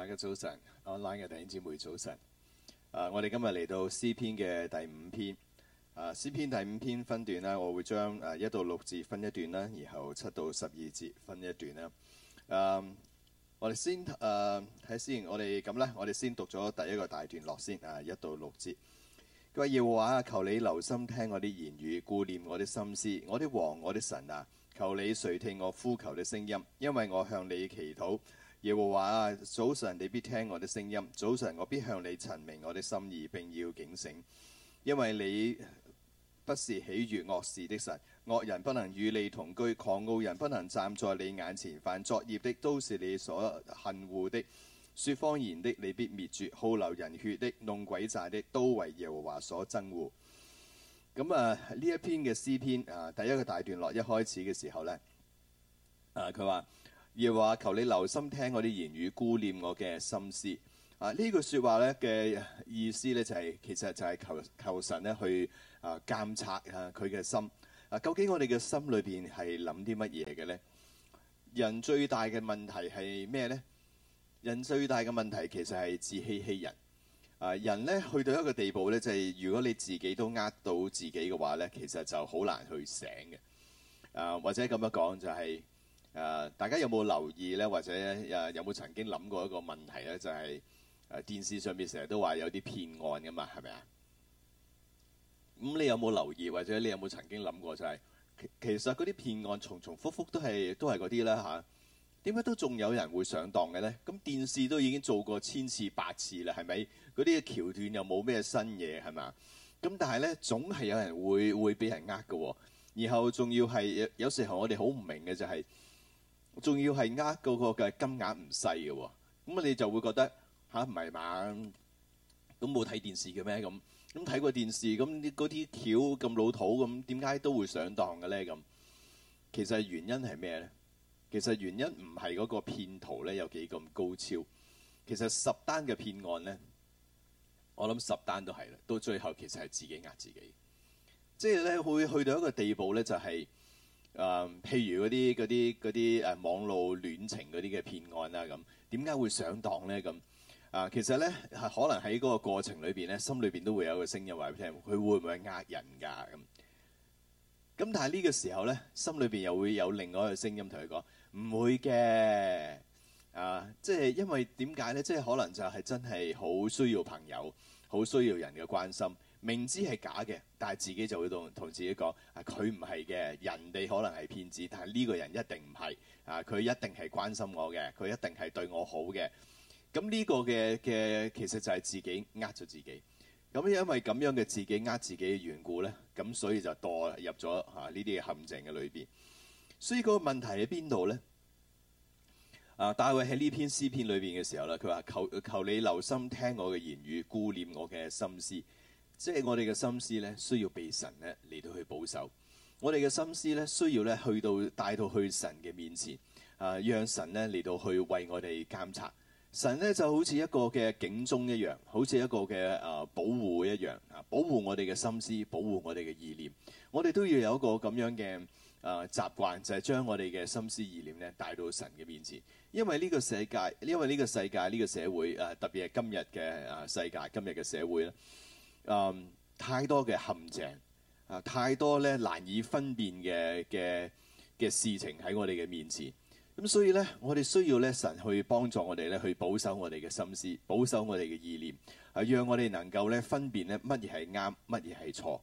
大家早晨，online 嘅弟兄姊妹早晨。早晨啊，我哋今日嚟到詩篇嘅第五篇。啊，詩篇第五篇分段呢，我會將啊一到六節分一段啦，然後七到十二節分一段啦。嗯、啊，我哋先誒睇、啊、先，我哋咁咧，我哋先讀咗第一個大段落先啊，一到六節。佢話要話、啊，求你留心聽我啲言語，顧念我啲心思，我啲王，我啲神啊，求你垂聽我呼求的聲音，因為我向你祈禱。耶和華啊，早晨你必聽我的聲音，早晨我必向你陳明我的心意，並要警醒。因為你不是喜悦惡事的神，惡人不能與你同居，狂傲人不能站在你眼前，凡作孽的都是你所恨惡的，說謊言的你必滅絕，好流人血的，弄詭詐的，都為耶和華所憎惡。咁啊，呢一篇嘅詩篇啊，第一個大段落一開始嘅時候呢，啊佢話。要話求你留心聽我啲言語，顧念我嘅心思。啊，呢句説話咧嘅意思咧就係、是，其實就係求求神咧去啊監察下佢嘅心。啊，究竟我哋嘅心裏邊係諗啲乜嘢嘅咧？人最大嘅問題係咩咧？人最大嘅問題其實係自欺欺人。啊，人咧去到一個地步咧，就係、是、如果你自己都呃到自己嘅話咧，其實就好難去醒嘅。啊，或者咁樣講就係、是。誒、啊，大家有冇留意咧？或者誒、啊，有冇曾經諗過一個問題咧？就係、是啊、電視上面成日都話有啲騙案噶嘛，係咪啊？咁你有冇留意？或者你有冇曾經諗過、就是？就係其實嗰啲騙案重重複複都係都係嗰啲啦嚇。點、啊、解都仲有人會上當嘅咧？咁電視都已經做過千次百次啦，係咪？嗰啲橋段又冇咩新嘢，係咪？咁但係咧，總係有人會會俾人呃嘅、哦。然後仲要係有時候我哋好唔明嘅就係、是。仲要係呃個個嘅金額唔細嘅喎，咁啊你就會覺得吓，唔係嘛，咁冇睇電視嘅咩咁？咁睇過電視咁啲嗰啲橋咁老土咁，點解都會上當嘅咧咁？其實原因係咩咧？其實原因唔係嗰個騙徒咧有幾咁高超，其實十單嘅騙案咧，我諗十單都係啦，到最後其實係自己呃自己，即係咧會去到一個地步咧就係。誒，譬如嗰啲、嗰啲、嗰啲誒網絡戀情嗰啲嘅騙案啦，咁點解會上當咧？咁啊，其實咧，可能喺嗰個過程裏邊咧，心裏邊都會有個聲音話俾你聽，佢會唔會呃人㗎？咁咁，但係呢個時候咧，心裏邊又會有另外一個聲音同佢講，唔會嘅。啊，即係因為點解咧？即係可能就係真係好需要朋友，好需要人嘅關心。明知係假嘅，但係自己就會同同自己講：啊，佢唔係嘅，人哋可能係騙子，但係呢個人一定唔係啊！佢一定係關心我嘅，佢一定係對我好嘅。咁呢個嘅嘅其實就係自己呃咗自己。咁因為咁樣嘅自己呃自己嘅緣故呢，咁所以就墮入咗啊呢啲陷阱嘅裏邊。所以個問題喺邊度呢？啊，大衛喺呢篇詩篇裏邊嘅時候咧，佢話求求你留心聽我嘅言語，顧念我嘅心思。即係我哋嘅心思咧，需要被神咧嚟到去保守。我哋嘅心思咧，需要咧去到帶到去神嘅面前啊，讓神咧嚟到去為我哋監察。神咧就好似一個嘅警鐘一樣，好似一個嘅啊保護一樣啊，保護、啊、我哋嘅心思，保護我哋嘅意念。我哋都要有一個咁樣嘅啊習慣，就係、是、將我哋嘅心思意念咧帶到神嘅面前，因為呢個世界，因為呢個世界呢、呢個社會誒、啊，特別係今日嘅啊世界，今日嘅社會咧。嗯，um, 太多嘅陷阱，啊，太多咧難以分辨嘅嘅嘅事情喺我哋嘅面前。咁、啊、所以咧，我哋需要咧神去幫助我哋咧，去保守我哋嘅心思，保守我哋嘅意念，係、啊、讓我哋能夠咧分辨咧乜嘢係啱，乜嘢係錯。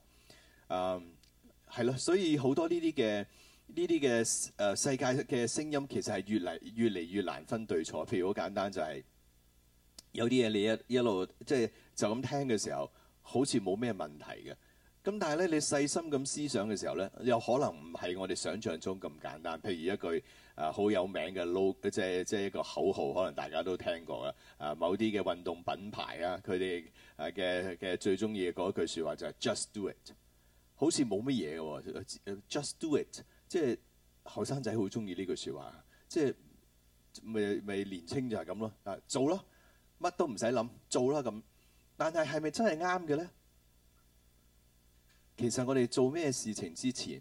嗯，係、啊、咯，所以好多呢啲嘅呢啲嘅誒世界嘅聲音，其實係越嚟越嚟越難分對錯。譬如好簡單就係、是，有啲嘢你一一路即係就咁、是、聽嘅時候。好似冇咩問題嘅，咁但係咧，你細心咁思想嘅時候咧，有可能唔係我哋想象中咁簡單。譬如一句誒好有名嘅 slogan，即係即係一個口號，可能大家都聽過嘅。啊，某啲嘅運動品牌啊，佢哋嘅嘅最中意嗰一句説話就係 Just Do It，好似冇乜嘢嘅 Just Do It，即係後生仔好中意呢句説話，即係未未年青就係咁咯，啊做咯，乜都唔使諗，做啦咁。但係係咪真係啱嘅咧？其實我哋做咩事情之前，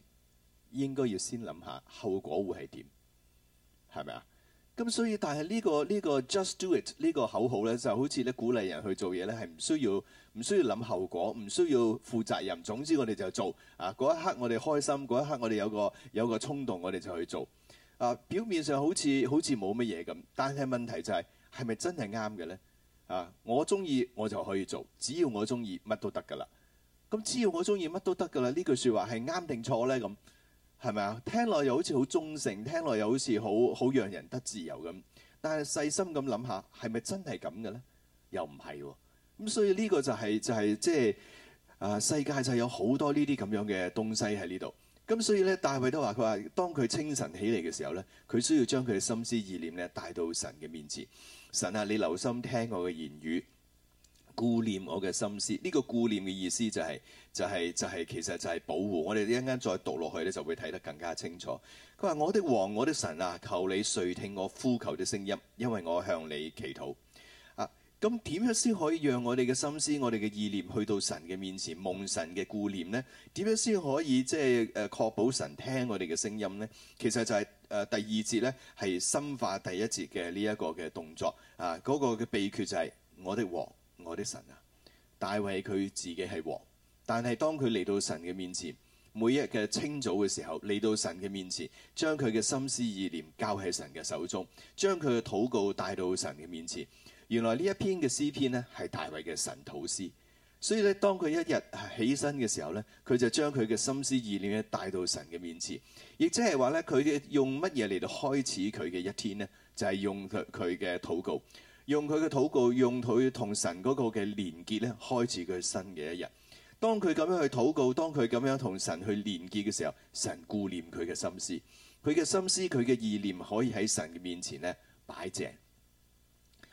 應該要先諗下後果會係點，係咪啊？咁所以，但係呢個呢個 just do it 呢個口號咧，就好似咧鼓勵人去做嘢咧，係唔需要唔需要諗後果，唔需要負責任。總之我哋就做啊！嗰一刻我哋開心，嗰一刻我哋有個有個衝動，我哋就去做啊！表面上好似好似冇乜嘢咁，但係問題就係係咪真係啱嘅咧？啊！我中意我就可以做，只要我中意乜都得噶啦。咁只要我中意乜都得噶啦，呢句説話係啱定錯咧？咁係咪啊？聽落又好似好忠誠，聽落又好似好好讓人得自由咁。但係細心咁諗下，係咪真係咁嘅咧？又唔係喎。咁所以呢個就係就係即係啊，世界就有好多呢啲咁樣嘅東西喺呢度。咁所以咧，大衛都話：佢話當佢清晨起嚟嘅時候咧，佢需要將佢嘅心思意念咧帶到神嘅面前。神啊，你留心聽我嘅言語，顧念我嘅心思。呢、這個顧念嘅意思就係、是、就係、是、就係、是就是，其實就係保護。我哋一陣間再讀落去咧，就會睇得更加清楚。佢話：我的王，我的神啊，求你垂聽我呼求的聲音，因為我向你祈禱。咁、啊、點樣先可以讓我哋嘅心思、我哋嘅意念去到神嘅面前，蒙神嘅顧念呢？點樣先可以即係誒確保神聽我哋嘅聲音呢？其實就係、是。誒第二節咧係深化第一節嘅呢一個嘅動作啊！嗰、那個嘅秘訣就係、是、我的王，我的神啊！大衛佢自己係王，但係當佢嚟到神嘅面前，每日嘅清早嘅時候嚟到神嘅面前，將佢嘅心思意念交喺神嘅手中，將佢嘅禱告帶到神嘅面前。原來呢一篇嘅詩篇呢，係大衛嘅神禱詩。所以咧，當佢一日起身嘅時候咧，佢就將佢嘅心思意念咧帶到神嘅面前，亦即係話咧，佢用乜嘢嚟到開始佢嘅一天呢？就係用佢佢嘅禱告，用佢嘅禱告，用佢同神嗰個嘅連結咧，開始佢新嘅一日。當佢咁樣去禱告，當佢咁樣同神去連結嘅時候，神顧念佢嘅心思，佢嘅心思，佢嘅意念可以喺神嘅面前咧擺正。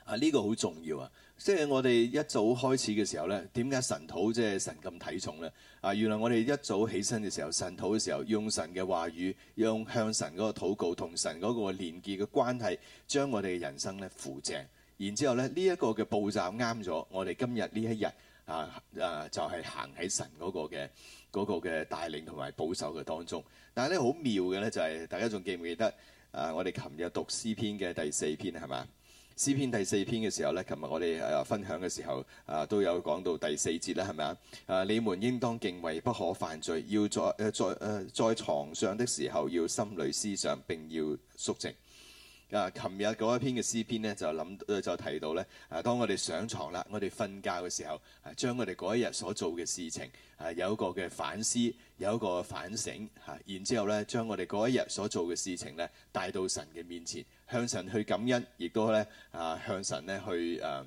啊，呢個好重要啊！即係我哋一早開始嘅時候呢，點解晨禱即係神咁睇重呢？啊，原來我哋一早起身嘅時候晨禱嘅時候，用神嘅話語，用向神嗰個禱告同神嗰個連結嘅關係，將我哋嘅人生呢扶正。然之後呢，呢一個嘅步驟啱咗，我哋今日呢一日啊啊，就係行喺神嗰個嘅嗰個嘅帶領同埋保守嘅當中。但係呢，好妙嘅呢，就係大家仲記唔記得啊？我哋琴日讀詩篇嘅第四篇係咪？詩篇第四篇嘅時候咧，琴日我哋分享嘅時候啊，都有講到第四節啦，係咪啊？你們應當敬畏不可犯罪，要在、啊在，啊、在床上的時候要心裏思想並要肅靜。啊！琴日嗰一篇嘅詩篇咧，就諗就提到咧，啊，當我哋上床啦，我哋瞓覺嘅時候，啊，將我哋嗰一日所做嘅事情，啊，有一個嘅反思，有一個反省，嚇、啊，然之後咧，將我哋嗰一日所做嘅事情咧，帶到神嘅面前，向神去感恩，亦都咧啊，向神咧去誒，啊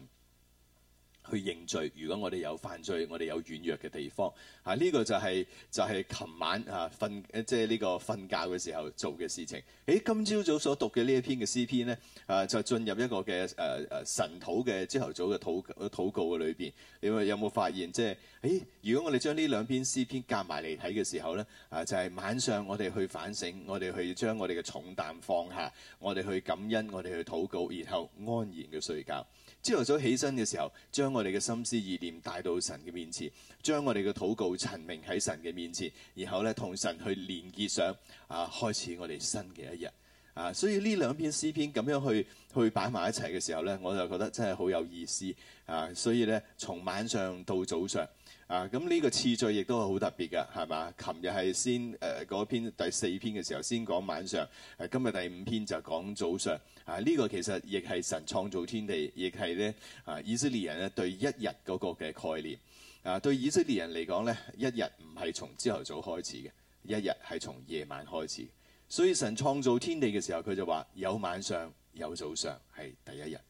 去認罪。如果我哋有犯罪，我哋有軟弱嘅地方，啊，呢個就係就係琴晚啊瞓，即係呢個瞓覺嘅時候做嘅事情。誒，今朝早所讀嘅呢一篇嘅詩篇呢，啊，就進入一個嘅誒誒神土嘅朝頭早嘅禱告嘅裏邊。你有冇發現，即係誒？如果我哋將呢兩篇詩篇夾埋嚟睇嘅時候呢，啊，就係晚上我哋去反省，我哋去將我哋嘅重擔放下，我哋去感恩，我哋去禱告，然後安然嘅睡覺。朝頭早起身嘅時候，將我哋嘅心思意念帶到神嘅面前，將我哋嘅禱告陳明喺神嘅面前，然後咧同神去連結上，啊，開始我哋新嘅一日，啊，所以呢兩篇詩篇咁樣去去擺埋一齊嘅時候咧，我就覺得真係好有意思，啊，所以咧，從晚上到早上。啊，咁、這、呢個次序亦都係好特別嘅，係嘛？琴日係先誒嗰、呃、篇第四篇嘅時候先講晚上，誒今日第五篇就講早上。啊，呢、這個其實亦係神創造天地，亦係咧啊以色列人咧對一日嗰個嘅概念。啊，對以色列人嚟講咧，一日唔係從朝頭早開始嘅，一日係從夜晚開始。所以神創造天地嘅時候，佢就話有晚上有早上係第一日，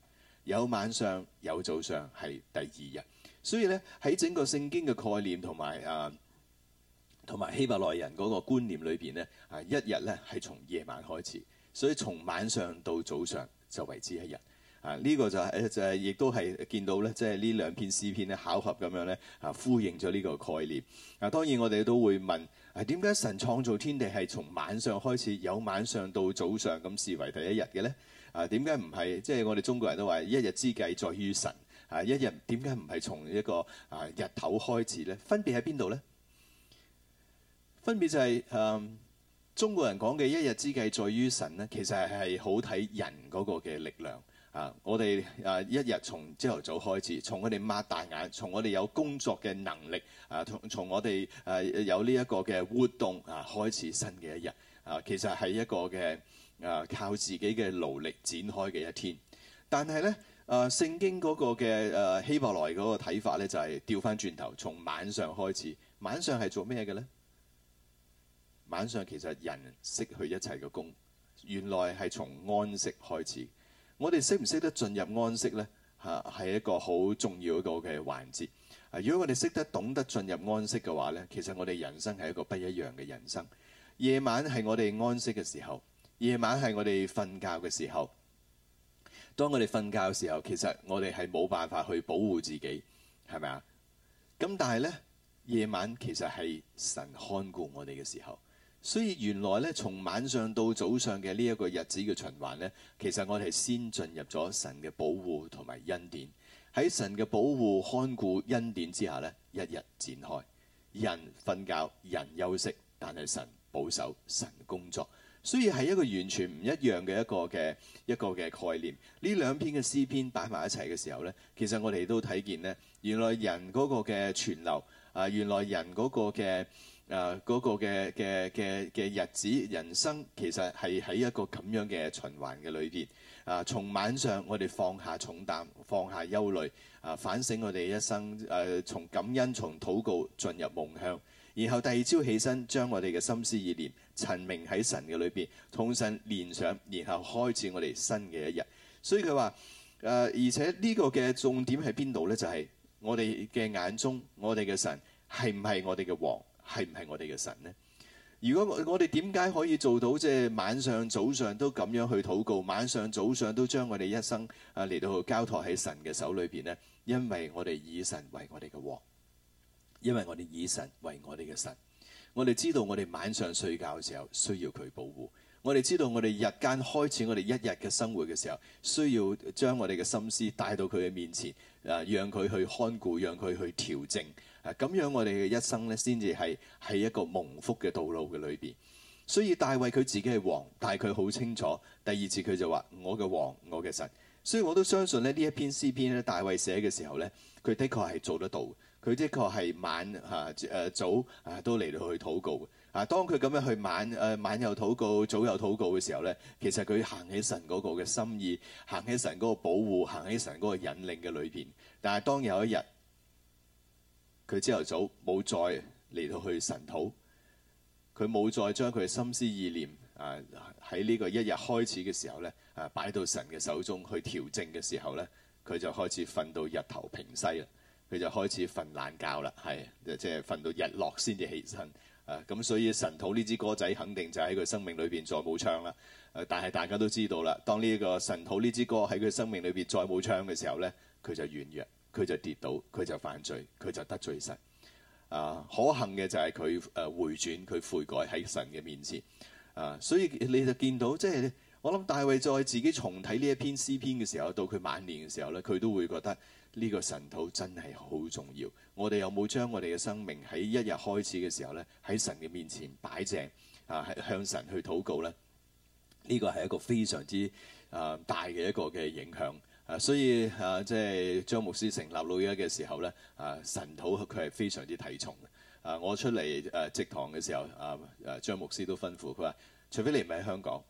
有晚上有早上係第二日。所以咧，喺整個聖經嘅概念同埋啊同埋希伯來人嗰個觀念裏邊咧，啊一日呢係從夜晚開始，所以從晚上到早上就為之一日啊，呢個就係就係亦都係見到咧，即係呢兩篇詩篇咧，巧合咁樣咧啊呼應咗呢個概念啊。當然我哋都會問啊，點解神創造天地係從晚上開始，有晚上到早上咁視為第一日嘅呢？啊，點解唔係，即係我哋中國人都話一日之計在於晨。」啊！一日點解唔係從一個啊日頭開始咧？分別喺邊度咧？分別就係、是、誒、啊、中國人講嘅一日之計在於神咧、啊，其實係好睇人嗰個嘅力量啊！我哋啊一日從朝頭早開始，從我哋擘大眼，從我哋有工作嘅能力啊，同從，從我哋誒、啊、有呢一個嘅活動啊開始新嘅一日啊，其實係一個嘅啊靠自己嘅勞力展開嘅一天，但係咧。誒、啊、聖經嗰個嘅、啊、希伯來嗰個睇法咧，就係調翻轉頭，從晚上開始。晚上係做咩嘅呢？晚上其實人釋去一切嘅工，原來係從安息開始。我哋識唔識得進入安息呢？嚇、啊、係一個好重要一個嘅環節、啊。如果我哋識得懂得進入安息嘅話呢，其實我哋人生係一個不一樣嘅人生。夜晚係我哋安息嘅時候，夜晚係我哋瞓覺嘅時候。當我哋瞓覺嘅時候，其實我哋係冇辦法去保護自己，係咪啊？咁但係呢，夜晚其實係神看顧我哋嘅時候，所以原來呢，從晚上到早上嘅呢一個日子嘅循環呢，其實我哋先進入咗神嘅保護同埋恩典。喺神嘅保護、看顧、恩典之下呢，一日展開，人瞓覺，人休息，但係神保守、神工作。所以係一個完全唔一樣嘅一個嘅一個嘅概念。呢兩篇嘅詩篇擺埋一齊嘅時候呢，其實我哋都睇見呢，原來人嗰個嘅傳流啊、呃，原來人嗰個嘅誒嗰個嘅嘅嘅嘅日子人生其實係喺一個咁樣嘅循環嘅裏邊啊。從、呃、晚上我哋放下重擔、放下憂慮啊，反省我哋一生誒，從、呃、感恩、從禱告進入夢鄉，然後第二朝起身將我哋嘅心思意念，念。沉明喺神嘅裏邊，同神聯想，然後開始我哋新嘅一日。所以佢話，誒，而且呢個嘅重點係邊度呢？就係我哋嘅眼中，我哋嘅神係唔係我哋嘅王，係唔係我哋嘅神呢？如果我我哋點解可以做到即係晚上早上都咁樣去禱告，晚上早上都將我哋一生啊嚟到交託喺神嘅手裏邊呢？因為我哋以神為我哋嘅王，因為我哋以神為我哋嘅神。我哋知道，我哋晚上睡覺嘅時候需要佢保護。我哋知道，我哋日間開始我哋一日嘅生活嘅時候，需要將我哋嘅心思帶到佢嘅面前，誒、啊，讓佢去看顧，讓佢去調整。啊，咁樣我哋嘅一生咧，先至係喺一個蒙福嘅道路嘅裏邊。所以大衛佢自己係王，但係佢好清楚。第二次佢就話：我嘅王，我嘅神。所以我都相信咧，呢一篇詩篇咧，大衛寫嘅時候呢，佢的確係做得到。佢的確係晚嚇誒、啊、早啊都嚟到去禱告嘅啊。當佢咁樣去晚誒、啊、晚又禱告、早又禱告嘅時候咧，其實佢行喺神嗰個嘅心意，行喺神嗰個保護，行喺神嗰個引領嘅裏邊。但係當有一日佢朝頭早冇再嚟到去晨禱，佢冇再將佢嘅心思意念啊喺呢個一日開始嘅時候咧啊擺到神嘅手中去調整嘅時候咧，佢就開始瞓到日頭平西啦。佢就開始瞓懶覺啦，係即係瞓到日落先至起身，啊咁所以晨禱呢支歌仔肯定就喺佢生命裏邊再冇唱啦。但係大家都知道啦，當呢個晨禱呢支歌喺佢生命裏邊再冇唱嘅時候呢，佢就軟弱，佢就跌倒，佢就犯罪，佢就得罪神。啊，可幸嘅就係佢誒回轉，佢悔改喺神嘅面前。啊，所以你就見到即係、就是、我諗大衛在自己重睇呢一篇詩篇嘅時候，到佢晚年嘅時候呢，佢都會覺得。呢個晨禱真係好重要，我哋有冇將我哋嘅生命喺一日開始嘅時候呢？喺神嘅面前擺正啊，向神去禱告呢？呢、這個係一個非常之啊大嘅一個嘅影響啊！所以啊，即係張牧師成立到而家嘅時候呢，啊晨禱佢係非常之睇重啊！我出嚟誒植堂嘅時候啊，誒、啊、張牧師都吩咐佢話：除非你唔喺香港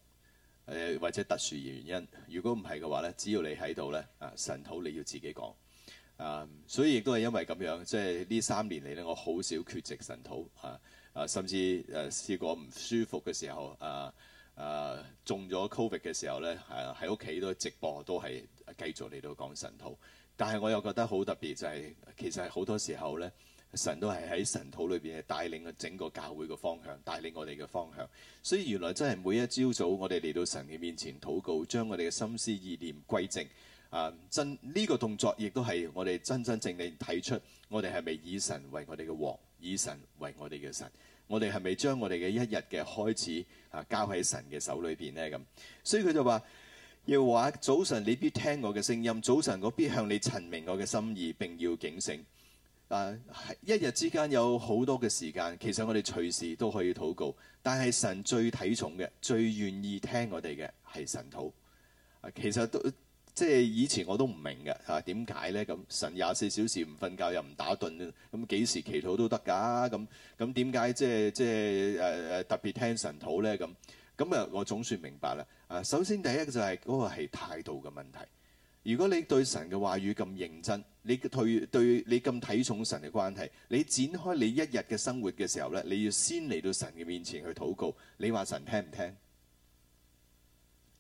誒、啊，或者特殊原因，如果唔係嘅話呢，只要你喺度呢，啊，晨禱你要自己講。啊，um, 所以亦都係因為咁樣，即係呢三年嚟呢，我好少缺席晨禱啊！啊，甚至誒、啊、試過唔舒服嘅時候，啊啊中咗 covid 嘅時候咧，喺屋企都直播都係繼續嚟到講晨禱。但係我又覺得好特別、就係，就係其實好多時候呢，神都係喺晨禱裏邊係帶領整個教會嘅方向，帶領我哋嘅方向。所以原來真係每一朝早我哋嚟到神嘅面前禱告，將我哋嘅心思意念歸正。啊！真呢、這個動作亦都係我哋真真正正睇出，我哋係咪以神為我哋嘅王，以神為我哋嘅神。我哋係咪將我哋嘅一日嘅開始啊交喺神嘅手裏邊呢？咁。所以佢就話要話早晨你必聽我嘅聲音，早晨我必向你陳明我嘅心意，並要警醒。啊，一日之間有好多嘅時間，其實我哋隨時都可以禱告，但係神最睇重嘅、最願意聽我哋嘅係晨禱，啊，其實都。即係以前我都唔明嘅吓，點解咧咁神廿四小時唔瞓覺又唔打盹，咁幾時祈禱都得㗎，咁咁點解即係即係誒誒特別聽神禱咧，咁咁啊，我總算明白啦，啊首先第一、就係、個就係嗰個係態度嘅問題。如果你對神嘅話語咁認真，你退對，對你咁睇重神嘅關係，你展開你一日嘅生活嘅時候咧，你要先嚟到神嘅面前去禱告。你話神聽唔聽？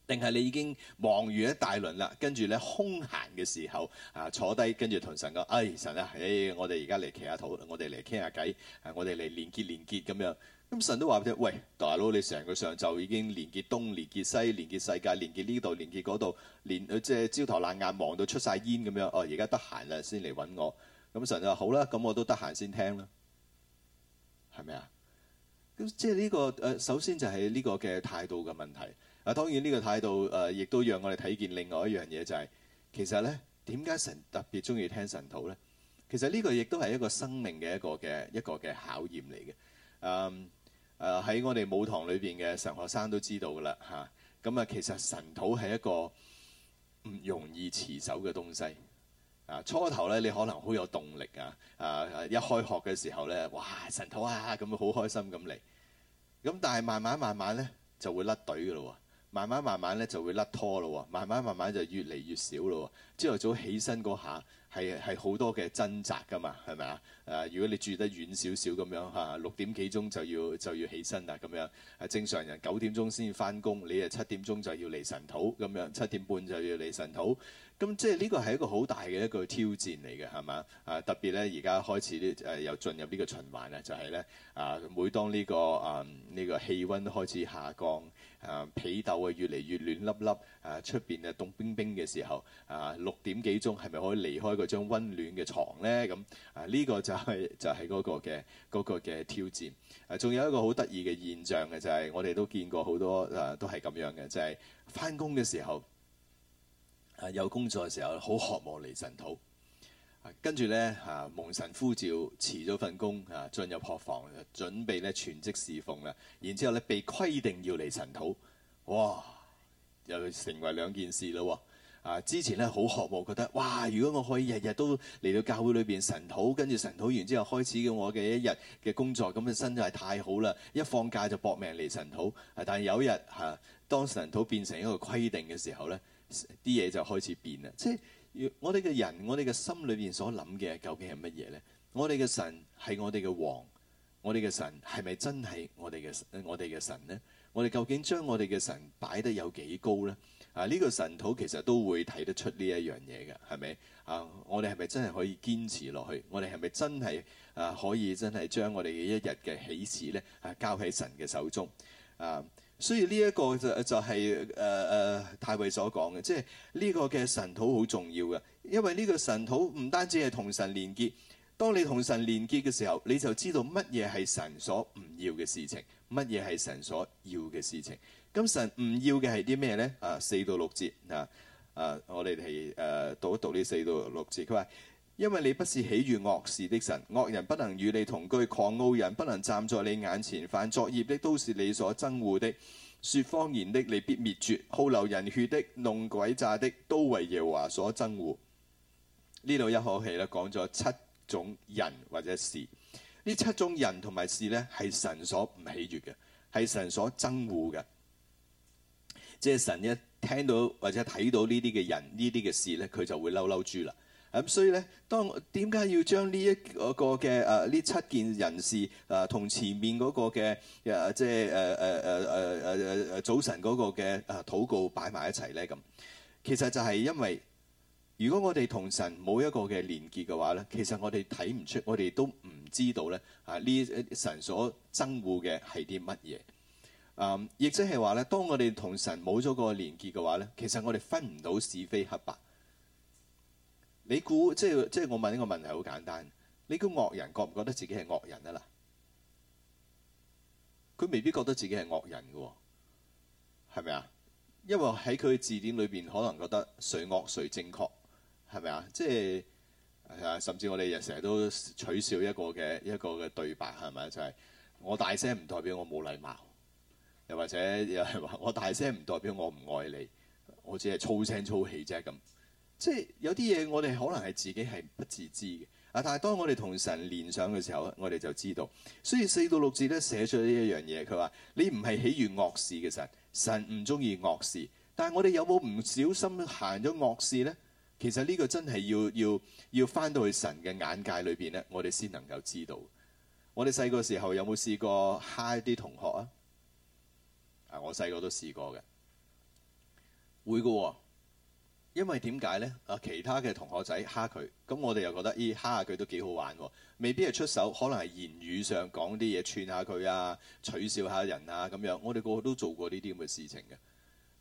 定係你已經忙完一大輪啦，跟住咧空閒嘅時候啊，坐低跟住同神講，哎，神啊，誒、哎，我哋而家嚟祈下禱，我哋嚟傾下偈，我哋嚟連結連結咁樣。咁、嗯、神都話喂，大佬，你成個上晝已經連結東、連結西、連結世界、連結呢度、連結嗰度，連即係焦頭爛額忙到出晒煙咁樣。哦，而家得閒啦先嚟揾我。咁、嗯、神就好啦，咁我都得閒先聽啦。係咪啊？咁即係呢、這個誒、呃，首先就係呢個嘅態度嘅問題。啊，當然呢個態度誒，亦、呃、都讓我哋睇見另外一樣嘢，就係、是、其實咧，點解神特別中意聽晨禱咧？其實呢個亦都係一個生命嘅一個嘅一個嘅考驗嚟嘅。誒、嗯、誒，喺、呃、我哋舞堂裏邊嘅神學生都知道噶啦嚇。咁啊、嗯，其實晨禱係一個唔容易持守嘅東西。啊，初頭咧，你可能好有動力啊啊！一開學嘅時候咧，哇，晨禱啊，咁好開心咁嚟。咁、啊、但係慢慢慢慢咧，就會甩隊噶咯喎。慢慢慢慢咧就會甩拖咯喎，慢慢脫脫慢，慢，慢慢就越嚟越少咯喎。朝頭早起身嗰下係係好多嘅掙扎㗎嘛，係咪啊？誒、呃，如果你住得遠少少咁樣嚇，六點幾鐘就要就要起身啦咁樣。誒，正常人九點鐘先要返工，你誒七點鐘就要嚟晨禱咁樣，七點半就要嚟晨禱。咁即係呢個係一個好大嘅一個挑戰嚟嘅，係嘛？誒、呃，特別咧而家開始誒、呃、又進入呢個循環啊，就係咧啊，每當呢、這個啊呢、呃這個氣温開始下降。啊被竇啊越嚟越暖粒粒，啊出邊啊凍冰冰嘅時候，啊、呃、六點幾鐘係咪可以離開嗰張溫暖嘅床咧？咁啊呢個就係、是、就係、是、嗰個嘅嗰個嘅挑戰。啊、呃，仲有一個好得意嘅現象嘅就係、是、我哋都見過好多啊、呃，都係咁樣嘅，就係返工嘅時候啊有、呃、工作嘅時候好渴望嚟晨禱。跟住咧，嚇蒙神呼召，辭咗份工，嚇、啊、進入學房，準備咧全職侍奉啦。然之後咧，被規定要嚟晨禱，哇，又成為兩件事咯啊，之前咧好渴望，覺得哇，如果我可以日日都嚟到教會裏邊晨禱，跟住晨禱完之後開始我嘅一日嘅工作，咁嘅真係太好啦！一放假就搏命嚟晨禱、啊。但係有一日嚇、啊，當晨禱變成一個規定嘅時候咧。啲嘢就開始變啦，即係我哋嘅人，我哋嘅心裏邊所諗嘅究竟係乜嘢呢？我哋嘅神係我哋嘅王，我哋嘅神係咪真係我哋嘅我哋嘅神呢？我哋究竟將我哋嘅神擺得有幾高呢？啊，呢、這個神土其實都會睇得出呢一樣嘢嘅，係咪啊？我哋係咪真係可以堅持落去？我哋係咪真係啊可以真係將我哋嘅一日嘅起始呢啊交喺神嘅手中啊？所以呢一個就就係誒誒大衛所講嘅，即係呢個嘅晨禱好重要嘅，因為呢個晨禱唔單止係同神連結，當你同神連結嘅時候，你就知道乜嘢係神所唔要嘅事情，乜嘢係神所要嘅事情。咁神唔要嘅係啲咩咧？啊，四到六節啊，啊，我哋係誒讀一讀呢四到六節。佢話。因為你不是喜悅惡事的神，惡人不能與你同居，狂傲人不能站在你眼前犯，凡作孽的都是你所憎惡的，說謊言的你必滅絕，好流人血的、弄鬼詐的，都為耶和華所憎惡。呢度一口氣呢，講咗七種人或者事，呢七種人同埋事呢係神所唔喜悅嘅，係神所憎惡嘅。即係神一聽到或者睇到呢啲嘅人，呢啲嘅事呢，佢就會嬲嬲豬啦。咁、嗯、所以咧，當點解要將呢一嗰個嘅誒呢七件人士誒、啊、同前面嗰個嘅誒即係誒誒誒誒誒誒早晨嗰個嘅誒禱告擺埋一齊咧？咁其實就係因為如果我哋同神冇一個嘅連結嘅話咧，其實我哋睇唔出，我哋都唔知道咧啊呢神所憎惡嘅係啲乜嘢。嗯、啊，亦即係話咧，當我哋同神冇咗個連結嘅話咧，其實我哋分唔到是非黑白。你估即係即係我問呢個問題好簡單？你估惡人覺唔覺得自己係惡人啊？嗱，佢未必覺得自己係惡人㗎喎，係咪啊？因為喺佢字典裏邊，可能覺得誰惡誰正確，係咪啊？即係甚至我哋又成日都取笑一個嘅一個嘅對白係咪？就係、是、我大聲唔代表我冇禮貌，又或者又係話我大聲唔代表我唔愛你，我只係粗聲粗氣啫咁。即係有啲嘢，我哋可能係自己係不自知嘅啊。但係當我哋同神連上嘅時候咧，我哋就知道。所以四到六節咧寫咗一樣嘢，佢話你唔係喜悅惡事嘅神，神唔中意惡事。但係我哋有冇唔小心行咗惡事呢？其實呢個真係要要要翻到去神嘅眼界裏邊呢。我哋先能夠知道。我哋細個時候有冇試過蝦啲同學啊？啊，我細個都試過嘅，會嘅喎，哦。因為點解呢？啊，其他嘅同學仔蝦佢，咁我哋又覺得，咦、哎，蝦下佢都幾好玩喎！未必係出手，可能係言語上講啲嘢，串下佢啊，取笑下人啊，咁樣。我哋個個都做過呢啲咁嘅事情嘅。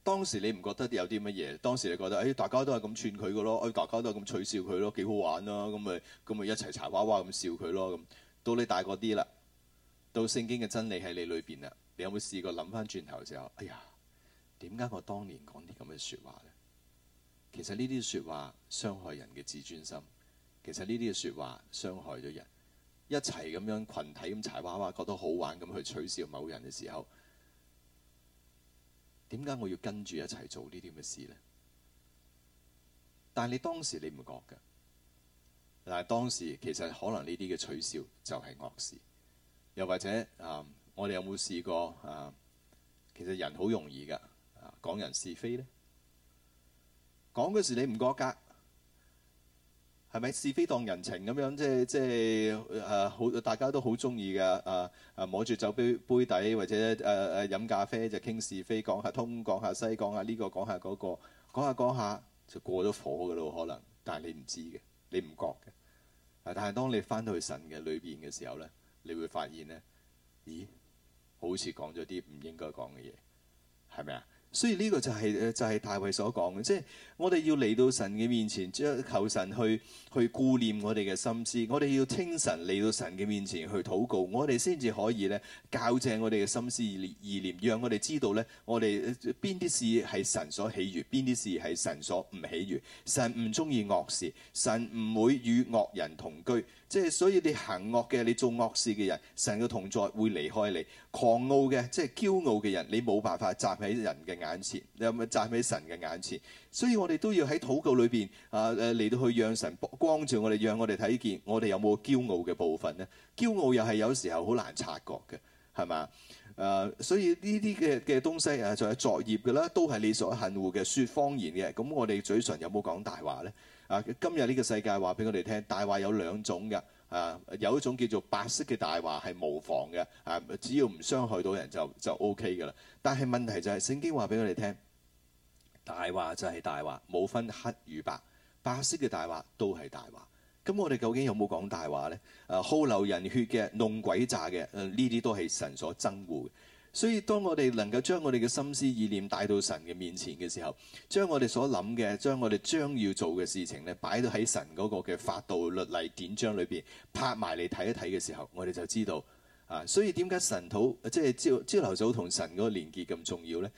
當時你唔覺得有啲乜嘢？當時你覺得，誒、哎，大家都係咁串佢嘅咯，誒、哎，大家都係咁取笑佢咯，幾好玩咯，咁咪，咁咪一齊柴娃娃咁笑佢咯，咁到你大個啲啦，到聖經嘅真理喺你裏邊啦，你有冇試過諗翻轉頭之後，哎呀，點解我當年講啲咁嘅説話呢？其實呢啲説話傷害人嘅自尊心，其實呢啲嘅説話傷害咗人，一齊咁樣群體咁柴娃娃，覺得好玩咁去取笑某人嘅時候，點解我要跟住一齊做呢啲咁嘅事呢？但係你當時你唔覺㗎，但係當時其實可能呢啲嘅取笑就係惡事，又或者啊，我哋有冇試過啊？其實人好容易㗎，啊講人是非呢。講嗰時你唔覺噶，係咪是，是非當人情咁樣？即係即係誒，好、呃、大家都好中意嘅誒誒，摸住酒杯杯底或者誒誒飲咖啡就傾是非，講下東講下西，講下呢個講下嗰個，講下講、嗰個、下，下就過咗火嘅咯，可能，但係你唔知嘅，你唔覺嘅、啊。但係當你翻到去神嘅裏邊嘅時候咧，你會發現咧，咦，好似講咗啲唔應該講嘅嘢，係咪啊？所以呢個就係、就係大衛所講嘅，即係我哋要嚟到神嘅面前，將求神去去顧念我哋嘅心思。我哋要清晨嚟到神嘅面前去禱告，我哋先至可以咧較正我哋嘅心思意念，讓我哋知道咧我哋邊啲事係神所喜悅，邊啲事係神所唔喜悅。神唔中意惡事，神唔會與惡人同居。即係所以你行惡嘅你做惡事嘅人，神嘅同在會離開你。狂傲嘅即係驕傲嘅人，你冇辦法站喺人嘅眼前，你有冇站喺神嘅眼前？所以我哋都要喺禱告裏邊啊誒，嚟到去讓神光照我哋，讓我哋睇見我哋有冇驕傲嘅部分呢？驕傲又係有時候好難察覺嘅，係嘛？誒、啊，所以呢啲嘅嘅東西啊，就係作孽嘅啦，都係你所恨惡嘅，説謊言嘅。咁我哋嘴唇有冇講大話咧？啊！今日呢個世界話俾我哋聽，大話有兩種嘅，啊有一種叫做白色嘅大話係無妨嘅，啊只要唔傷害到人就就 O K 嘅啦。但係問題就係、是、聖經話俾我哋聽，大話就係大話，冇分黑與白，白色嘅大話都係大話。咁我哋究竟有冇講大話呢？啊，好流人血嘅、弄詭詐嘅，呢、啊、啲都係神所憎惡嘅。所以當我哋能夠將我哋嘅心思意念帶到神嘅面前嘅時候，將我哋所諗嘅，將我哋將要做嘅事情咧，擺到喺神嗰個嘅法度律例典章裏邊拍埋嚟睇一睇嘅時候，我哋就知道啊。所以點解晨禱即係朝朝頭早同神嗰個連結咁重要呢？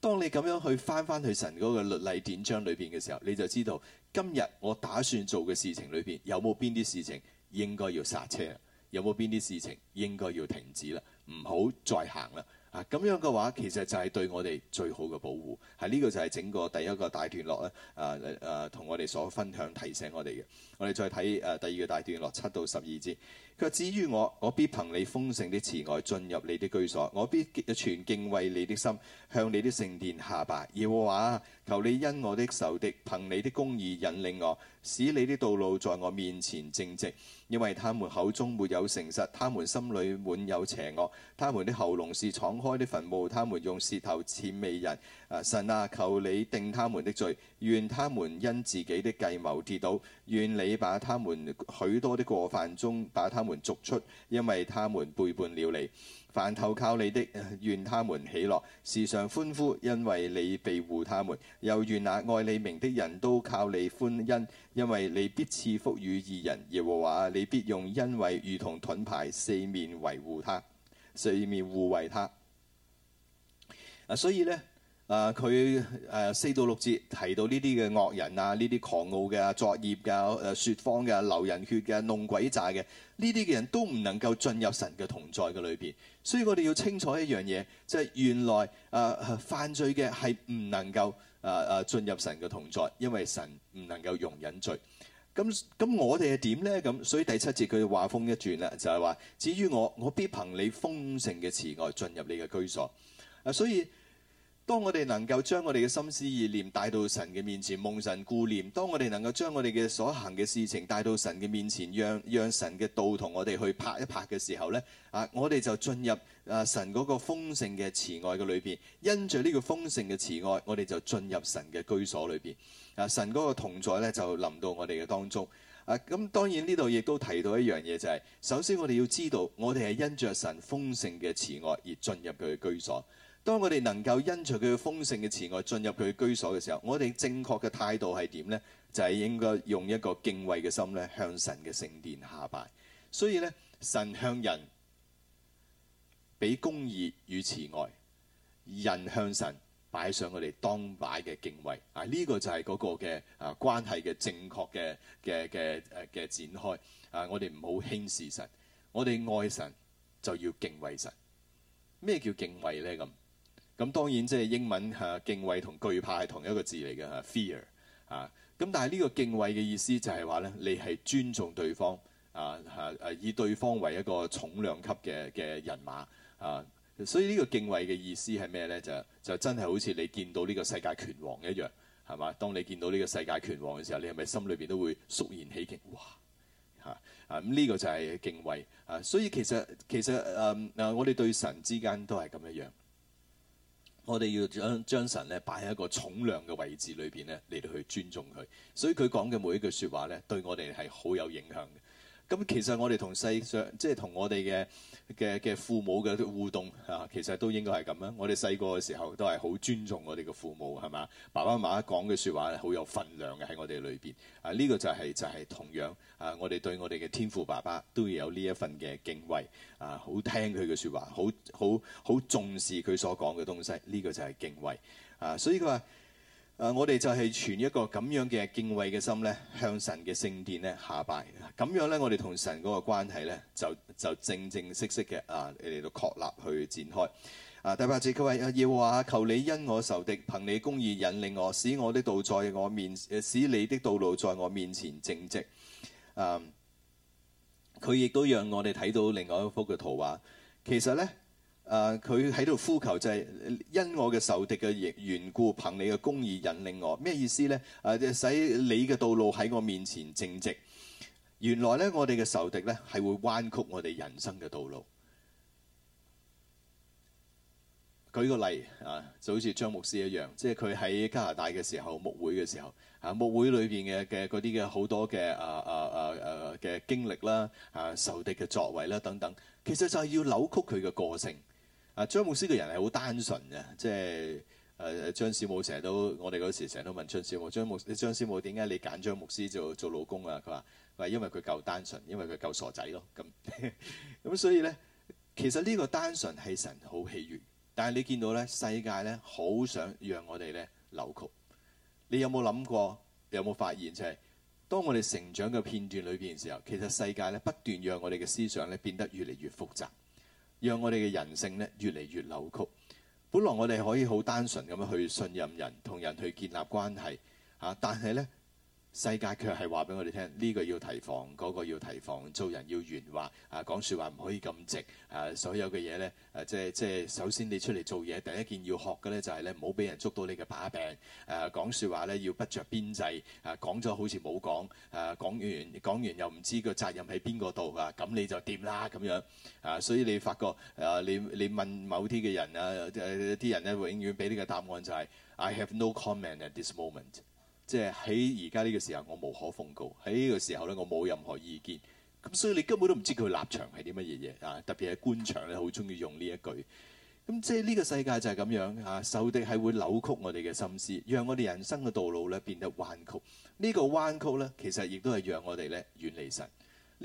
當你咁樣去返返去神嗰個律例典章裏邊嘅時候，你就知道今日我打算做嘅事情裏邊有冇邊啲事情應該要剎車，有冇邊啲事情應該要停止啦，唔好再行啦。啊，咁樣嘅話，其實就係對我哋最好嘅保護，係呢、這個就係整個第一個大段落咧。啊、呃，啊、呃，同我哋所分享提醒我哋嘅，我哋再睇誒、呃、第二個大段落七到十二節。佢話：至於我，我必憑你豐盛的慈愛進入你啲居所，我必存敬畏你的心，向你啲聖殿下拜。又話：求你因我的仇敵，憑你的公義引領我，使你啲道路在我面前正直。因為他們口中沒有誠實，他們心裡滿有邪惡，他們的喉嚨是敞開的墳墓，他們用舌頭諂媚人。啊神啊，求你定他們的罪，願他們因自己的計謀跌倒，願你把他們許多的過犯中把他們逐出，因為他們背叛了你。凡投靠你的，願他們喜樂，時常歡呼，因為你庇護他們。又願那、啊、愛你名的人都靠你歡欣，因為你必賜福與義人。耶和華，你必用恩惠如同盾牌四面維護他，四面護衛他、啊。所以呢？啊！佢誒、啊、四到六節提到呢啲嘅惡人啊，呢啲狂傲嘅、啊、作孽嘅說謊嘅流人血嘅弄詭詐嘅，呢啲嘅人都唔能夠進入神嘅同在嘅裏邊。所以我哋要清楚一樣嘢，就係、是、原來誒、啊啊、犯罪嘅係唔能夠誒誒、啊啊、進入神嘅同在，因為神唔能夠容忍罪。咁咁我哋係點咧？咁所以第七節佢話風一轉話鋒一轉啦，就係、是、話：至於我，我必憑你豐盛嘅慈愛進入你嘅居所。啊，所以。當我哋能夠將我哋嘅心思意念帶到神嘅面前，望神顧念；當我哋能夠將我哋嘅所行嘅事情帶到神嘅面前，讓讓神嘅道同我哋去拍一拍嘅時候呢啊，我哋就進入啊神嗰個豐盛嘅慈愛嘅裏邊，因著呢個豐盛嘅慈愛，我哋就進入神嘅居所裏邊。啊，神嗰個同在呢，就臨到我哋嘅當中。啊，咁當然呢度亦都提到一樣嘢就係、是，首先我哋要知道，我哋係因著神豐盛嘅慈愛而進入佢嘅居所。當我哋能夠因隨佢嘅豐盛嘅慈愛進入佢居所嘅時候，我哋正確嘅態度係點咧？就係、是、應該用一個敬畏嘅心咧，向神嘅聖殿下拜。所以咧，神向人俾公義與慈愛，人向神擺上我哋當擺嘅敬畏啊！呢、這個就係嗰個嘅啊關係嘅正確嘅嘅嘅誒嘅展開啊！我哋唔好輕視神，我哋愛神就要敬畏神。咩叫敬畏咧？咁？咁當然即係英文嚇，敬畏同懼怕係同一個字嚟嘅嚇。Fear 啊，咁但係呢個敬畏嘅意思就係話咧，你係尊重對方啊，嚇、啊、誒、啊，以對方為一個重量級嘅嘅人馬啊，所以呢個敬畏嘅意思係咩咧？就就真係好似你見到呢個世界拳王一樣係嘛？當你見到呢個世界拳王嘅時候，你係咪心裏邊都會肅然起敬？哇嚇啊！咁、啊、呢、嗯呢個就係敬畏啊。所以其實其實誒誒、嗯，我哋對神之間都係咁一樣。我哋要將將神咧擺喺一個重量嘅位置裏邊咧，嚟到去尊重佢，所以佢講嘅每一句説話咧，對我哋係好有影響嘅。咁其實我哋同世上，即係同我哋嘅嘅嘅父母嘅互動啊，其實都應該係咁啦。我哋細個嘅時候都係好尊重我哋嘅父母係嘛，爸爸媽媽講嘅説話係好有分量嘅喺我哋裏邊。啊，呢個就係就係同樣啊，我哋對我哋嘅天父爸爸都要有呢一份嘅敬畏啊，好聽佢嘅説話，好好好重視佢所講嘅東西。呢個就係敬畏啊，所以佢話。誒，uh, 我哋就係存一個咁樣嘅敬畏嘅心呢，向神嘅聖殿呢下拜，咁樣呢，我哋同神嗰個關係呢，就就正正式式嘅啊嚟到確立去展開。啊，第八節佢話：啊，耶和華啊，求你因我仇敵，憑你公義引領我，使我啲道在我面，使你的道路在我面前正直。佢、啊、亦都讓我哋睇到另外一幅嘅圖畫。其實呢。誒，佢喺度呼求就係因我嘅仇敵嘅緣故，憑你嘅公義引領我，咩意思咧？誒、啊就係、使你嘅道路喺我面前正直。原來咧，我哋嘅仇敵咧係會彎曲我哋人生嘅道路。舉個例啊，就好似張牧師一樣，即係佢喺加拿大嘅時候，牧會嘅時候，啊牧會裏邊嘅嘅嗰啲嘅好多嘅啊啊啊啊嘅經歷啦，啊仇敵嘅作為啦等等，其實就係要扭曲佢嘅個性。啊，張牧師嘅人係好單純嘅，即係誒、啊、張師母成日都，我哋嗰時成日都問張師母，張牧張師母，點解你揀張牧師做做老公啊？佢話：佢話因為佢夠單純，因為佢夠傻仔咯。咁咁、 啊、所以咧，其實呢個單純係神好喜悅，但係你見到咧，世界咧好想讓我哋咧扭曲。你有冇諗過？有冇發現就係、是、當我哋成長嘅片段裏邊嘅時候，其實世界咧不斷讓我哋嘅思想咧變得越嚟越複雜。讓我哋嘅人性咧越嚟越扭曲。本來我哋可以好單純咁樣去信任人，同人去建立關係，嚇，但係咧，世界卻係話俾我哋聽，呢、這個要提防，嗰、那個要提防。做人要圓滑，啊，講説話唔可以咁直。啊，所有嘅嘢呢，誒、啊、即係即係，首先你出嚟做嘢，第一件要學嘅呢就係、是、咧，唔好俾人捉到你嘅把柄。誒、啊、講説話呢要不着邊際，誒、啊、講咗好似冇講，誒、啊、講完講完又唔知個責任喺邊個度啊？咁你就掂啦咁樣。啊，所以你發覺，誒、啊、你你問某啲嘅人啊，啲人呢永遠俾呢個答案就係、是、I have no comment at this moment。即係喺而家呢個時候，我無可奉告。喺呢個時候咧，我冇任何意見。咁所以你根本都唔知佢立場係啲乜嘢嘢啊！特別係官場咧，好中意用呢一句。咁即係呢個世界就係咁樣啊！仇敵係會扭曲我哋嘅心思，讓我哋人生嘅道路咧變得彎曲。呢、這個彎曲咧，其實亦都係讓我哋咧遠離神。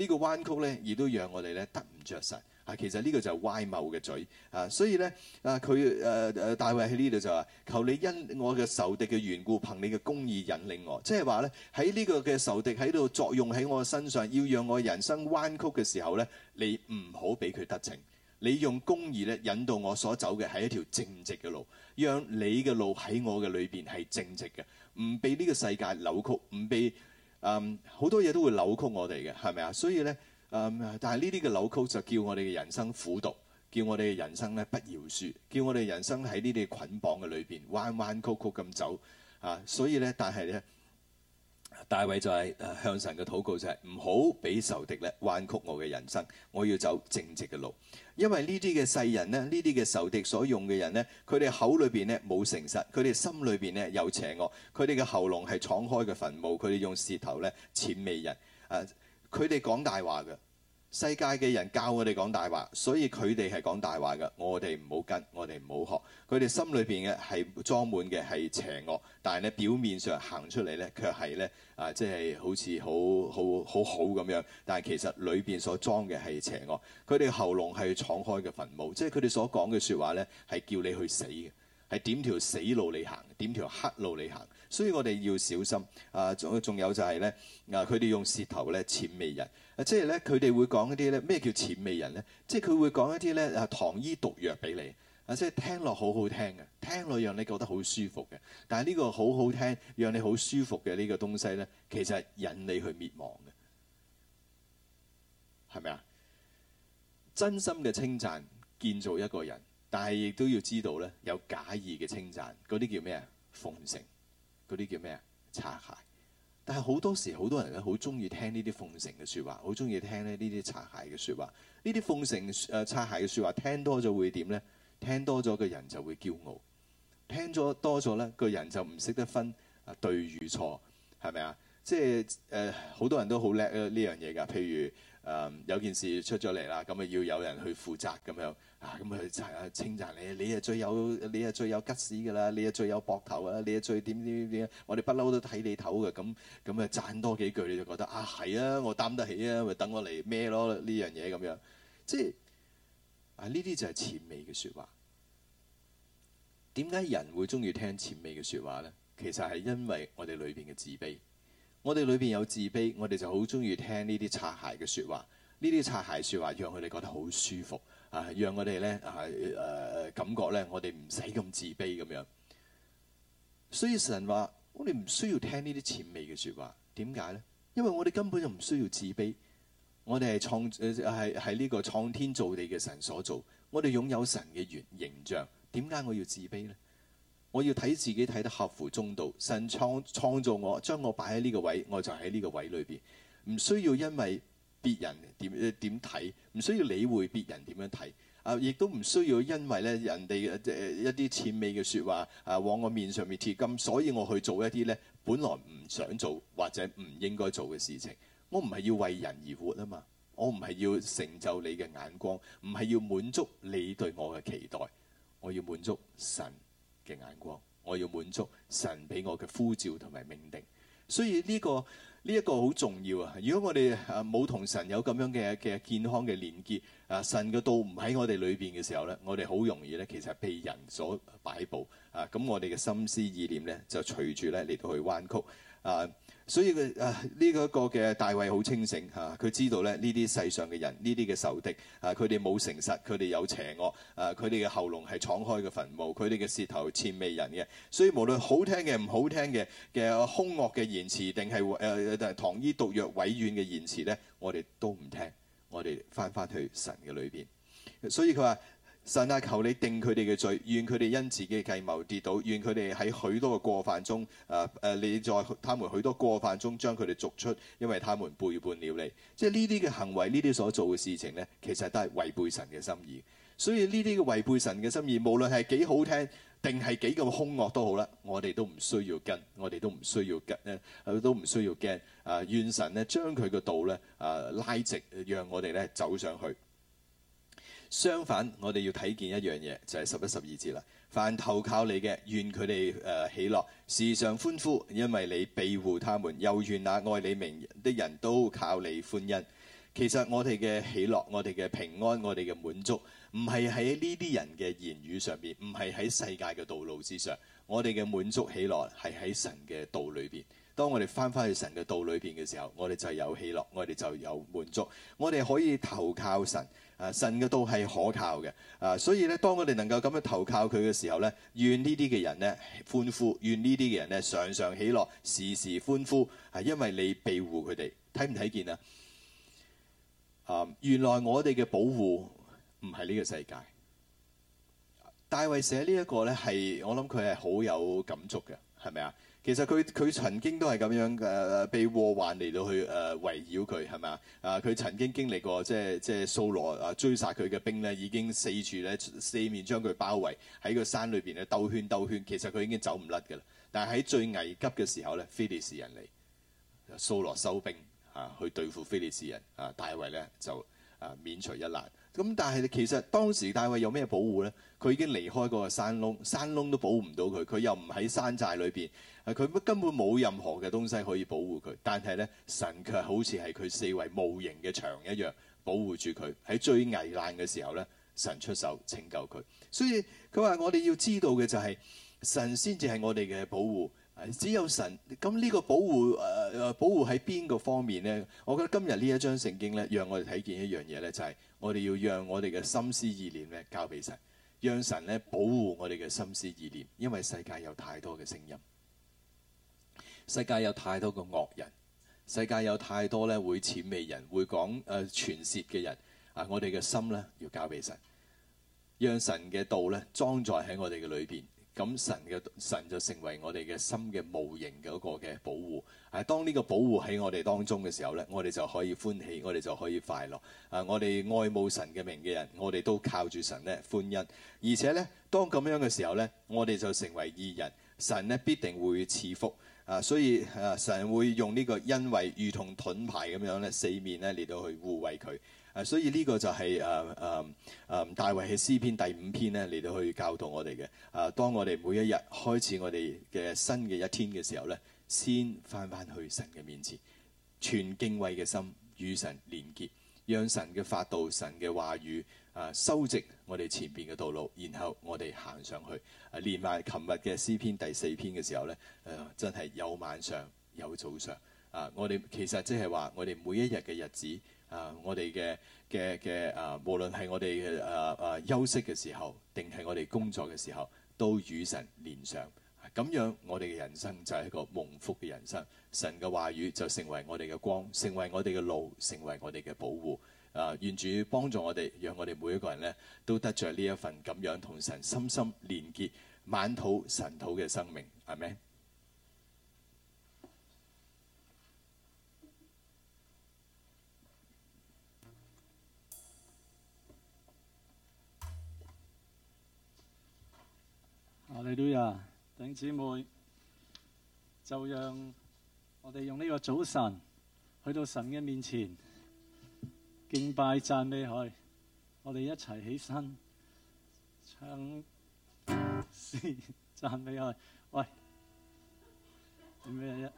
個彎呢個彎曲咧，亦都讓我哋咧得唔着實啊！其實呢個就係歪謀嘅嘴。啊！所以咧，啊佢誒誒大衛喺呢度就話：求你因我嘅仇敵嘅緣故，憑你嘅公義引領我。即係話咧，喺呢個嘅仇敵喺度作用喺我身上，要讓我人生彎曲嘅時候咧，你唔好俾佢得逞，你用公義咧引導我所走嘅係一條正直嘅路，讓你嘅路喺我嘅裏邊係正直嘅，唔被呢個世界扭曲，唔被。嗯，好多嘢都會扭曲我哋嘅，係咪啊？所以咧，嗯、um，但係呢啲嘅扭曲就叫我哋嘅人生苦毒，叫我哋嘅人生咧不饒恕，叫我哋人生喺呢啲捆綁嘅裏邊彎彎曲曲咁走啊！所以咧，但係咧。大衛就係誒向神嘅禱告就係唔好俾仇敵咧彎曲我嘅人生，我要走正直嘅路，因為呢啲嘅世人咧，呢啲嘅仇敵所用嘅人咧，佢哋口裏邊咧冇誠實，佢哋心裏邊咧有邪惡，佢哋嘅喉嚨係敞開嘅墳墓，佢哋用舌頭咧諂媚人，誒佢哋講大話嘅。世界嘅人教我哋講大話，所以佢哋係講大話嘅，我哋唔好跟，我哋唔好學，佢哋心裏邊嘅係裝滿嘅係邪惡，但係咧表面上行出嚟咧，卻係咧啊，即係好似好好好好好咁樣，但係其實裏邊所裝嘅係邪惡，佢哋喉嚨係敞開嘅墳墓，即係佢哋所講嘅說話咧係叫你去死嘅，係點條死路你行，點條黑路你行。所以我哋要小心啊！仲仲有就係咧啊，佢哋用舌頭咧，諂媚人啊，即係咧佢哋會講一啲咧咩叫諂媚人咧？即係佢會講一啲咧啊，糖衣毒藥俾你啊，即係聽落好好聽嘅，聽落讓你覺得好舒服嘅。但係呢個好好聽，讓你好舒服嘅呢個東西咧，其實引你去滅亡嘅，係咪啊？真心嘅稱讚建造一個人，但係亦都要知道咧有假意嘅稱讚，嗰啲叫咩啊？奉承。嗰啲叫咩啊？擦鞋，但係好多時好多人都好中意聽呢啲奉承嘅説話，好中意聽咧呢啲擦鞋嘅説話。呢啲奉承誒、擦鞋嘅説話聽多咗會點咧？聽多咗個人就會驕傲，聽咗多咗咧，個人就唔識得分啊對與錯，係咪啊？即係誒，好、呃、多人都好叻呢樣嘢㗎。譬如誒、呃，有件事出咗嚟啦，咁啊要有人去負責咁樣啊，咁啊讚啊稱讚你，你啊最有你啊最有吉士㗎啦，你啊最有膊頭啊，你啊最點點點，我哋不嬲都睇你頭嘅，咁咁啊讚多幾句你就覺得啊係啊，我擔得起啊，咪等我嚟咩咯呢樣嘢咁樣，樣。即係啊，呢啲就係諂媚嘅説話。點解人會中意聽諂媚嘅説話咧？其實係因為我哋裏邊嘅自卑。我哋裏邊有自卑，我哋就好中意聽呢啲擦鞋嘅説話。呢啲擦鞋説話讓佢哋覺得好舒服啊，讓我哋咧啊誒、啊、感覺咧，我哋唔使咁自卑咁樣。所以神話我哋唔需要聽呢啲諂媚嘅説話，點解咧？因為我哋根本就唔需要自卑。我哋係創係喺呢個創天造地嘅神所做，我哋擁有神嘅原形象，點解我要自卑咧？我要睇自己睇得合乎中道。神創創造我，將我擺喺呢個位，我就喺呢個位裏邊，唔需要因為別人點點睇，唔需要理會別人點樣睇啊，亦都唔需要因為咧人哋、呃、一啲諂媚嘅說話啊，往我面上面貼金，所以我去做一啲咧本來唔想做或者唔應該做嘅事情。我唔係要為人而活啊嘛，我唔係要成就你嘅眼光，唔係要滿足你對我嘅期待，我要滿足神。嘅眼光，我要滿足神俾我嘅呼召同埋命定，所以呢個呢一個好重要啊！如果我哋冇同神有咁樣嘅嘅健康嘅連結，啊，神嘅道唔喺我哋裏邊嘅時候呢，我哋好容易呢其實係被人所擺佈啊！咁我哋嘅心思意念呢，就隨住呢嚟到去彎曲啊。所以佢啊呢、這個嘅大衛好清醒嚇，佢、啊、知道咧呢啲世上嘅人呢啲嘅仇敵啊，佢哋冇誠實，佢哋有邪惡啊，佢哋嘅喉嚨係敞開嘅墳墓，佢哋嘅舌頭諂媚人嘅。所以無論好聽嘅唔好聽嘅嘅兇惡嘅言詞，定係誒定係糖衣毒藥委婉嘅言詞咧，我哋都唔聽，我哋翻返去神嘅裏邊。所以佢話。神啊，求你定佢哋嘅罪，願佢哋因自己嘅計謀跌倒，願佢哋喺許多嘅過犯中，誒誒，你在他們許多過犯中將佢哋逐出，因為他們背叛了你。即係呢啲嘅行為，呢啲所做嘅事情咧，其實都係違背神嘅心意。所以呢啲嘅違背神嘅心意，無論係幾好聽定係幾咁兇惡都好啦，我哋都唔需要跟，我哋都唔需要跟，誒，都唔需要驚。啊，願神咧將佢個道咧，誒拉直，讓我哋咧走上去。相反，我哋要睇見一樣嘢，就係十一十二節啦。凡投靠你嘅，願佢哋誒喜樂，時常歡呼，因為你庇護他們。又願那愛你名的人都靠你歡欣。其實我哋嘅喜樂，我哋嘅平安，我哋嘅滿足，唔係喺呢啲人嘅言語上邊，唔係喺世界嘅道路之上。我哋嘅滿足喜樂係喺神嘅道裏邊。當我哋翻返去神嘅道裏邊嘅時候，我哋就有喜樂，我哋就有滿足。我哋可以投靠神。啊，神嘅道係可靠嘅，啊，所以咧，當我哋能夠咁樣投靠佢嘅時候咧，願呢啲嘅人咧歡呼，願呢啲嘅人咧常常喜樂，時時歡呼，係、啊、因為你庇護佢哋，睇唔睇見啊？啊，原來我哋嘅保護唔係呢個世界。大衛寫呢一個咧，係我諗佢係好有感觸嘅，係咪啊？其實佢佢曾經都係咁樣嘅，呃，被禍患嚟到，去誒圍繞佢係咪啊？啊、呃、佢、呃、曾經經歷過即係即係掃羅啊追殺佢嘅兵咧，已經四處咧四面將佢包圍喺個山裏邊咧兜圈兜圈，其實佢已經走唔甩㗎啦。但係喺最危急嘅時候咧，非利士人嚟，掃羅收兵嚇、啊、去對付非利士人啊，大衛咧就啊免除一難。咁但係其實當時大衛有咩保護呢？佢已經離開嗰個山窿，山窿都保唔到佢，佢又唔喺山寨裏邊，佢根本冇任何嘅東西可以保護佢。但係呢，神卻好似係佢四圍無形嘅牆一樣保護住佢。喺最危難嘅時候呢，神出手拯救佢。所以佢話：我哋要知道嘅就係神先至係我哋嘅保護。只有神咁呢個保護誒誒、呃、保護喺邊個方面呢？我覺得今日呢一章聖經呢，讓我哋睇見一樣嘢呢，就係、是、我哋要讓我哋嘅心思意念咧交俾神，讓神咧保護我哋嘅心思意念，因為世界有太多嘅聲音，世界有太多嘅惡人，世界有太多咧會諂媚人、會講誒傳、呃、舌嘅人啊！我哋嘅心咧要交俾神，讓神嘅道咧裝載喺我哋嘅裏邊。咁神嘅神就成為我哋嘅心嘅無形嘅一個嘅保護。係、啊、當呢個保護喺我哋當中嘅時候呢，我哋就可以歡喜，我哋就可以快樂。啊，我哋愛慕神嘅名嘅人，我哋都靠住神呢歡欣。而且呢，當咁樣嘅時候呢，我哋就成為義人，神咧必定會賜福。啊，所以啊，神會用呢個恩惠，如同盾牌咁樣咧，四面咧嚟到去護衛佢。誒、啊，所以呢個就係誒誒誒，大衛喺詩篇第五篇呢嚟到去教導我哋嘅。誒、啊，當我哋每一日開始我哋嘅新嘅一天嘅時候呢，先返返去神嘅面前，全敬畏嘅心與神連結，讓神嘅法度、神嘅話語誒，修、啊、直我哋前邊嘅道路，然後我哋行上去。啊、連埋琴日嘅詩篇第四篇嘅時候呢誒、啊，真係有晚上有早上啊！我哋其實即係話我哋每一日嘅日子。啊！我哋嘅嘅嘅啊，無論係我哋啊啊休息嘅時候，定係我哋工作嘅時候，都與神連上，咁、啊、樣我哋嘅人生就係一個蒙福嘅人生。神嘅話語就成為我哋嘅光，成為我哋嘅路，成為我哋嘅保護。啊，願主幫助我哋，讓我哋每一個人呢，都得着呢一份咁樣同神深深連結、滿肚神土嘅生命，係咪？弟兄呀，弟兄姊妹，就讓我哋用呢個早晨去到神嘅面前敬拜讚美佢。我哋一齊起身唱詩讚美佢。喂，做咩啫？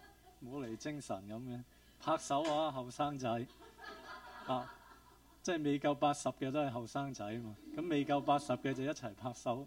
冇嚟精神咁嘅，拍手啊，後生仔啊，即係未夠八十嘅都係後生仔啊嘛。咁未夠八十嘅就一齊拍手。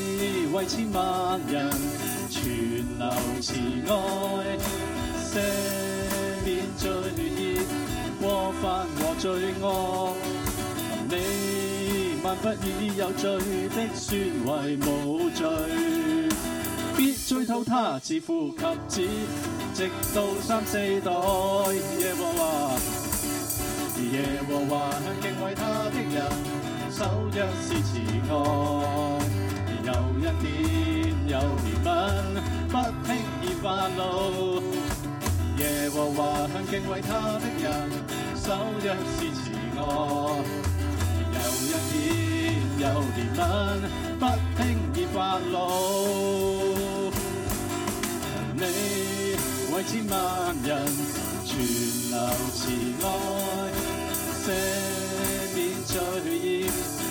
為千萬人存留慈愛，赦免罪孽、過犯和罪惡。你萬不以有罪的算為無罪，必追討他自父及子，直到三四代。耶和華，耶和華向敬畏他的人守約施慈愛。有一點有憐憫，不輕易發怒。耶和華向敬畏他的人，守約施慈愛。有一點有憐憫，不輕易發怒。你為千萬人存留慈愛，赦免罪孽。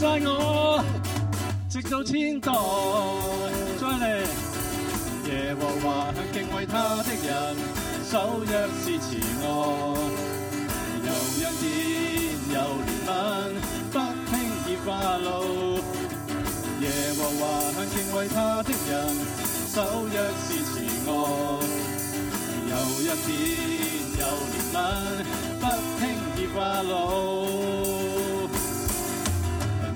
讚我直到千代，再嚟耶和華向敬畏他的人，守約施慈愛，有 恩典又憐憫，不輕易發怒。耶 和華向敬畏他的人，守約施慈愛，有 恩典又憐憫，不輕易發怒。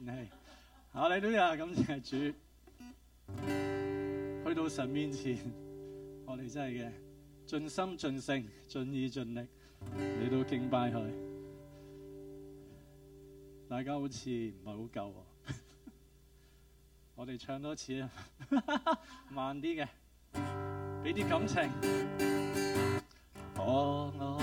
你嚟，我哋都要感謝主，去到神面前，我哋真係嘅盡心盡性盡意盡力嚟到敬拜佢。大家好似唔係好夠。 我哋唱多次啊， 慢啲嘅，俾啲感情。啊啊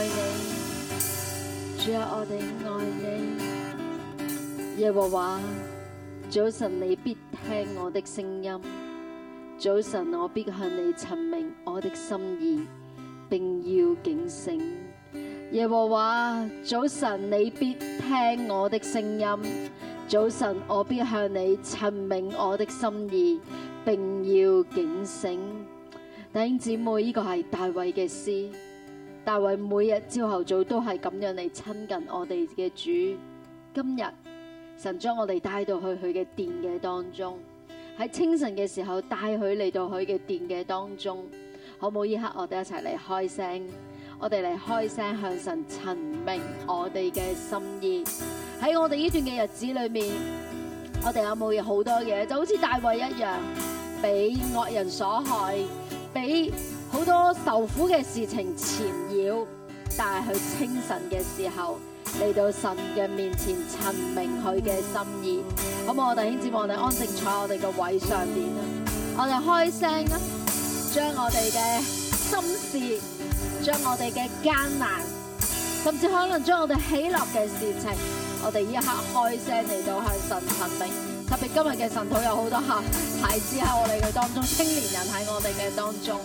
愛你，只有我哋愛你。耶和華，早晨你必聽我的聲音；早晨我必向你陳明我的心意，並要警醒。耶和華，早晨你必聽我的聲音；早晨我必向你陳明我的心意，並要警醒。弟兄姊妹，呢、這個係大衛嘅詩。大衛每日朝頭早都係咁樣嚟親近我哋嘅主。今日神將我哋帶到去佢嘅殿嘅當中，喺清晨嘅時候帶佢嚟到佢嘅殿嘅當中。好唔好？呢刻我哋一齊嚟開聲，我哋嚟開聲向神陳明我哋嘅心意。喺我哋呢段嘅日子裏面，我哋有冇嘢好多嘢，就好似大衛一樣，俾惡人所害，俾好多受苦嘅事情纏。但係佢清晨嘅時候嚟到神嘅面前陳明佢嘅心意。咁我弟兄姊妹，我哋安靜坐我哋嘅位上邊啦。我哋開聲啦，將我哋嘅心事，將我哋嘅艱難，甚至可能將我哋喜樂嘅事情，我哋呢一刻開聲嚟到向神陳明。特別今日嘅神台有好多客孩子喺我哋嘅當中，青年人喺我哋嘅當中。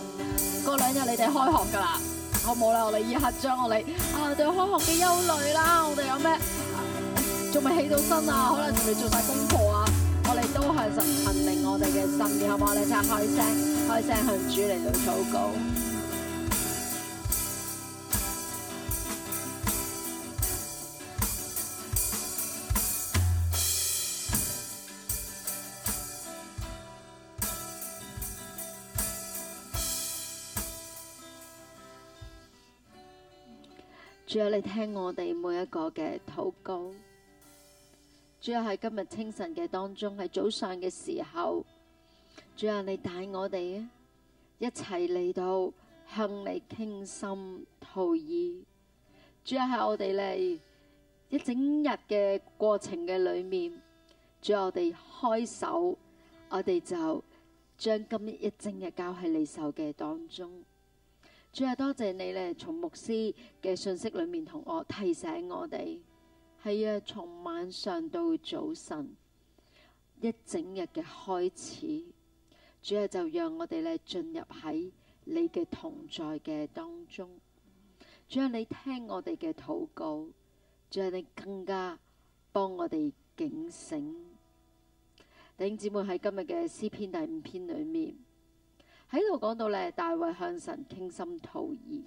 過兩日你哋開學噶啦。好冇啦，我哋以刻將，我哋啊，對開學嘅憂慮啦，我哋有咩仲未起到身啊？可能仲未做晒功課啊？我哋都向神懇命，我哋嘅心，然、啊、後、啊啊、我哋就開聲，開聲向主嚟到禱告主啊，你聽我哋每一個嘅禱告。主啊，喺今日清晨嘅當中，喺早上嘅時候，主啊，你帶我哋啊，一齊嚟到向你傾心吐意。主啊，喺我哋嚟一整日嘅過程嘅裏面，主啊，我哋開手，我哋就將今日一整日交喺你手嘅當中。主啊，多謝你咧，從牧師嘅信息裏面同我提醒我哋，係啊，從晚上到早晨一整日嘅開始，主啊，就讓我哋咧進入喺你嘅同在嘅當中，主啊，你聽我哋嘅禱告，主啊，你更加幫我哋警醒，弟兄姊妹喺今日嘅詩篇第五篇裏面。喺度講到呢，大衛向神傾心吐意。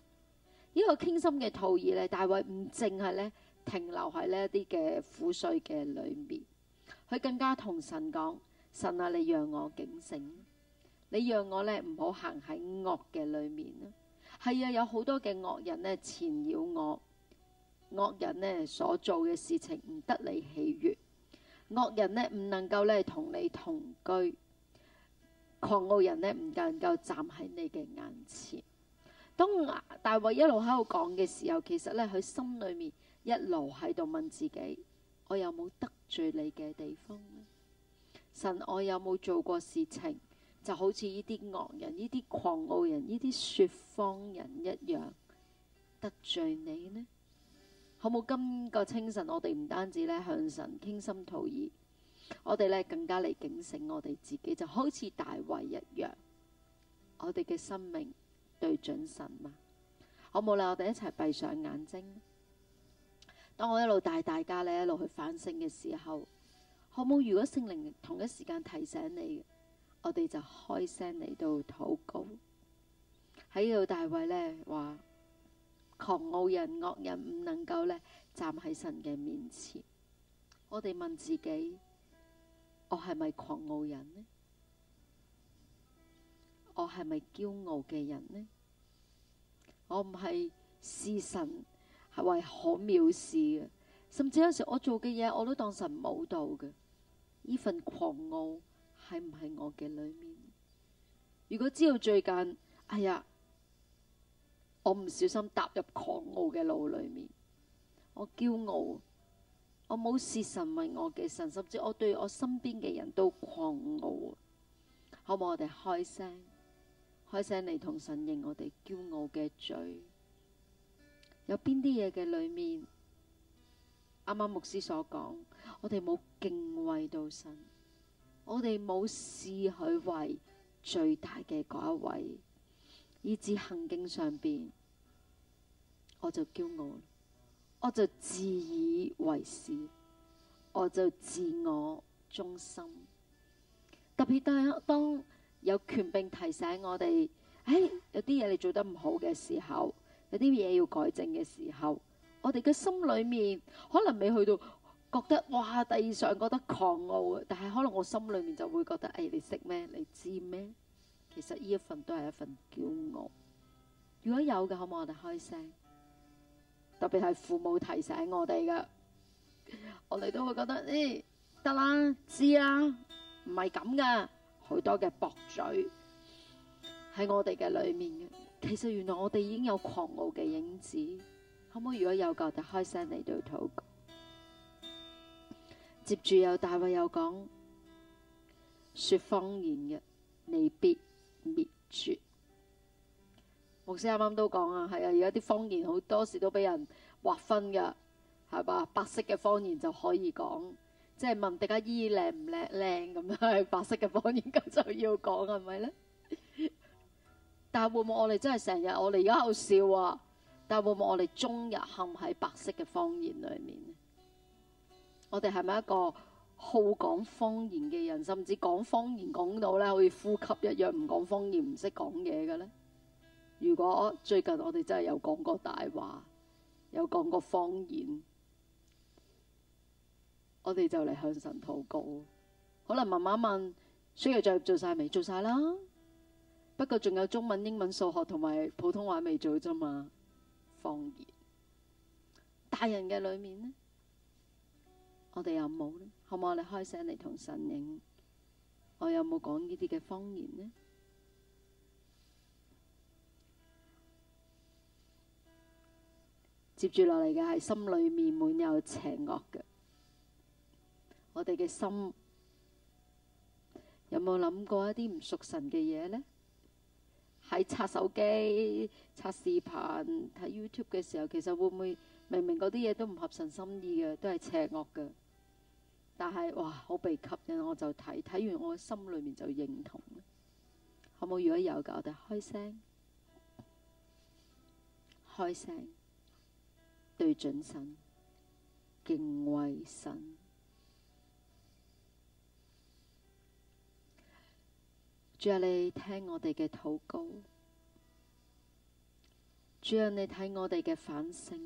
呢個傾心嘅吐意呢，大衛唔淨係呢停留喺呢一啲嘅苦水嘅裏面，佢更加同神講：神啊，你讓我警醒，你讓我呢唔好行喺惡嘅裏面啦。係啊，有好多嘅惡人呢纏繞我，惡人呢所做嘅事情唔得你喜悅，惡人呢唔能夠呢同你同居。狂傲人呢，唔能夠站喺你嘅眼前。當大衛一路喺度講嘅時候，其實呢，佢心裏面一路喺度問自己：我有冇得罪你嘅地方呢？神，我有冇做過事情，就好似呢啲惡人、呢啲狂傲人、呢啲説謊人一樣得罪你呢？好冇？今個清晨，我哋唔單止呢，向神傾心吐意。我哋呢，更加嚟，警醒我哋自己，就好似大衛一樣，我哋嘅生命對準神嗎？好冇咧？我哋一齊閉上眼睛。當我一路帶大家呢，一路去反省嘅時候，好冇？如果聖靈同一時間提醒你，我哋就開聲嚟到禱告。喺呢度，大衛呢話，狂傲人惡人唔能夠呢，站喺神嘅面前。我哋問自己。我係咪狂傲人呢？我係咪驕傲嘅人呢？我唔係視神係為可藐視嘅，甚至有時我做嘅嘢我都當神冇到嘅。呢份狂傲係唔係我嘅裏面？如果知道最近，哎呀，我唔小心踏入狂傲嘅路裏面，我驕傲。我冇視神為我嘅神，甚至我對我身邊嘅人都狂傲，可唔可以？我哋開聲，開聲嚟同神認我哋驕傲嘅罪。有邊啲嘢嘅裏面，啱啱牧師所講，我哋冇敬畏到神，我哋冇視佢為最大嘅嗰一位，以至行徑上邊，我就驕傲。我就自以為是，我就自我中心。特別當當有權柄提醒我哋，誒、哎、有啲嘢你做得唔好嘅時候，有啲嘢要改正嘅時候，我哋嘅心裏面可能未去到覺得，哇！第二上覺得狂傲，但係可能我心裏面就會覺得，誒、哎、你識咩？你知咩？其實呢一份都係一份驕傲。如果有嘅，可唔可以？我哋開聲。特別係父母提醒我哋嘅，我哋都會覺得，咦、欸，得啦，知啦，唔係咁嘅，好多嘅駁嘴喺我哋嘅裏面嘅。其實原來我哋已經有狂傲嘅影子，可唔可以如果有救就開聲嚟到禱告？接住又大衛又講，說謊言嘅，你必滅絕。牧師啱啱都講啊，係啊，而家啲方言好多時都俾人劃分嘅，係吧？白色嘅方言就可以講，即係問大家衣靚唔靚靚咁樣，白色嘅方言咁就要講係咪呢？ 但係會唔會我哋真係成日我哋而家喺度笑啊？但係會唔會我哋終日陷喺白色嘅方言裡面？我哋係咪一個好講方言嘅人，甚至講方言講到咧好似呼吸一樣，唔講方言唔識講嘢嘅呢？如果最近我哋真係有講過大話，有講過謊言，我哋就嚟向神禱告。可能媽媽問：需要再做做晒未？做晒啦。不過仲有中文、英文、數學同埋普通話未做啫嘛？謊言，大人嘅裏面呢，我哋有冇呢？好唔好？我哋開聲嚟同神應。我有冇講呢啲嘅謊言呢？接住落嚟嘅係心裏面滿有邪惡嘅，我哋嘅心有冇諗過一啲唔屬神嘅嘢呢？喺刷手機、刷視頻、睇 YouTube 嘅時候，其實會唔會明明嗰啲嘢都唔合神心意嘅，都係邪惡嘅，但係哇，好被吸引，我就睇，睇完，我心裏面就認同。好冇？如果有嘅，我哋開聲，開聲。對準神，敬畏神。主啊，你聽我哋嘅禱告。主啊，你睇我哋嘅反省。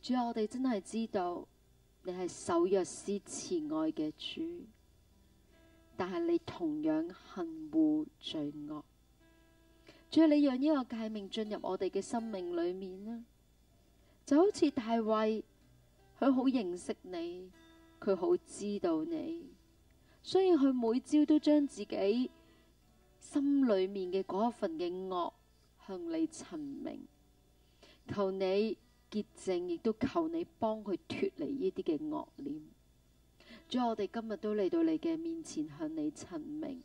主啊，我哋真係知道你係守約施慈愛嘅主，但係你同樣恨惡罪惡。要你讓呢個誡命進入我哋嘅生命裏面咧，就好似大衛，佢好認識你，佢好知道你，所以佢每朝都將自己心裏面嘅嗰一份嘅惡向你陳明，求你潔淨，亦都求你幫佢脫離呢啲嘅惡念。在我哋今日都嚟到你嘅面前，向你陳明。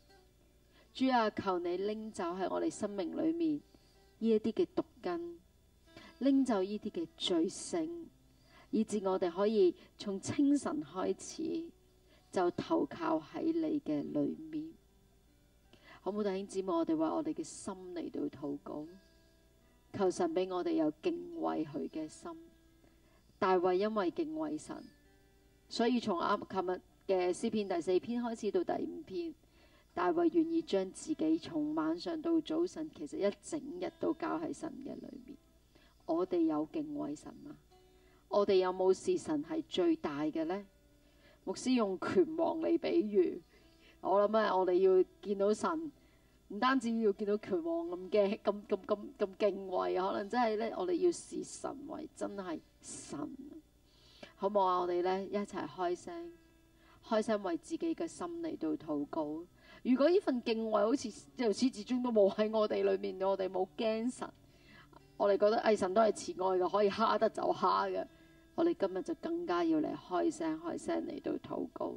主啊，求你拎走喺我哋生命裏面呢一啲嘅毒根，拎走呢啲嘅罪性，以至我哋可以從清晨開始就投靠喺你嘅裏面，好冇，弟兄姊妹？我哋話我哋嘅心嚟到禱告，求神俾我哋有敬畏佢嘅心。大衛因為敬畏神，所以從啱琴日嘅詩篇第四篇開始到第五篇。大衛願意將自己從晚上到早晨，其實一整日都交喺神嘅裏面。我哋有敬畏神呀？我哋有冇視神係最大嘅呢？牧師用拳王嚟比喻，我諗咧、啊，我哋要見到神，唔單止要見到拳王咁驚咁咁咁咁敬畏，可能真係呢，我哋要視神為真係神。好冇啊！我哋呢，一齊開聲，開聲為自己嘅心嚟到禱告。如果呢份敬畏好似由始至終都冇喺我哋裏面，我哋冇驚神，我哋覺得哎，神都係慈愛嘅，可以蝦得就蝦嘅，我哋今日就更加要嚟開聲開聲嚟到禱告，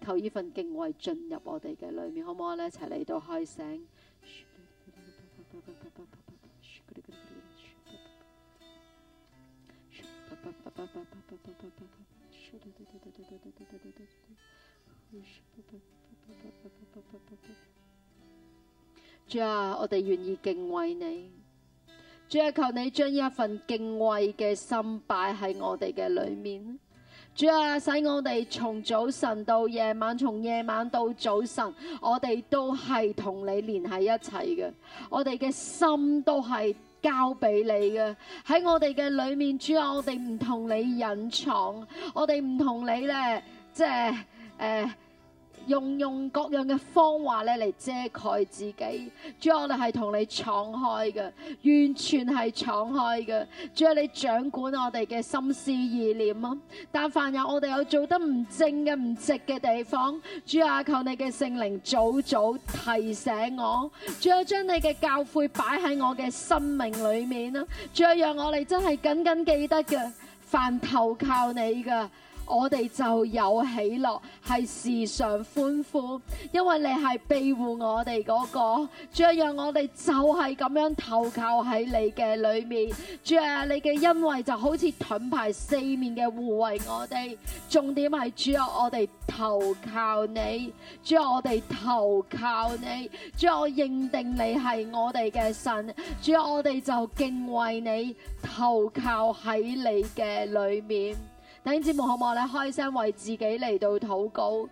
求呢份敬畏進入我哋嘅裏面，可唔可以一齊嚟到開聲？主啊，我哋願意敬畏你。主啊，求你將一份敬畏嘅心擺喺我哋嘅裏面。主啊，使我哋從早晨到夜晚，從夜晚到早晨，我哋都係同你連喺一齊嘅。我哋嘅心都係交俾你嘅。喺我哋嘅裏面，主啊，我哋唔同你隱藏，我哋唔同你咧，即係誒。呃用用各樣嘅方法咧嚟遮蓋自己，主啊，我哋係同你敞開嘅，完全係敞開嘅。主啊，你掌管我哋嘅心思意念啊！但凡有我哋有做得唔正嘅、唔直嘅地方，主阿求你嘅聖靈早早提醒我。主啊，將你嘅教誨擺喺我嘅生命裏面啦。主啊，讓我哋真係緊緊記得嘅，凡投靠你嘅。我哋就有喜樂，係時常歡呼，因為你係庇護我哋嗰個。主啊，讓我哋就係咁樣投靠喺你嘅裏面。主啊，你嘅恩惠就好似盾牌四面嘅護衛我哋。重點係主啊，我哋投靠你，主啊，我哋投靠你，主啊，我認定你係我哋嘅神，主啊，我哋就敬畏你，投靠喺你嘅裏面。弟兄姊妹，可唔可以開聲為自己嚟到禱告？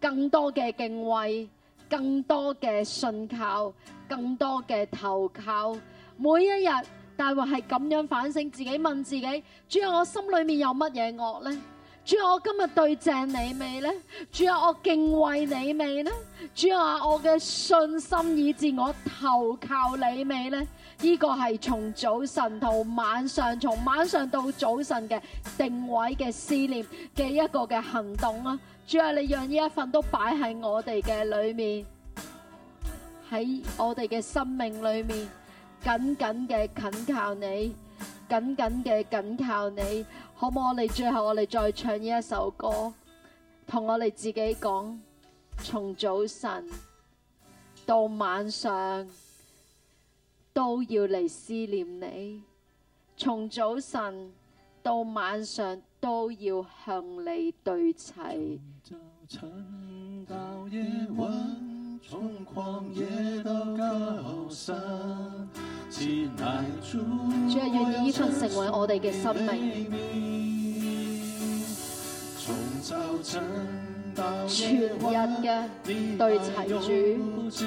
更多嘅敬畏，更多嘅信靠，更多嘅投靠。每一日，大衛係咁樣反省自己，問自己：主啊，我心裏面有乜嘢惡咧？主啊，我今日對正你未咧？主啊，我敬畏你未咧？主啊，我嘅信心以致我投靠你未咧？呢個係從早晨到晚上，從晚上到早晨嘅定位嘅思念嘅一個嘅行動啊！主啊，你讓呢一份都擺喺我哋嘅裏面，喺我哋嘅生命裏面，緊緊嘅緊靠你，緊緊嘅緊靠你，好唔好？我哋最後，我哋再唱呢一首歌，同我哋自己講，從早晨到晚上。都要嚟思念你，從早晨到晚上都要向你對齊。主啊，願意呢份成為我哋嘅生命。全日嘅對齊主。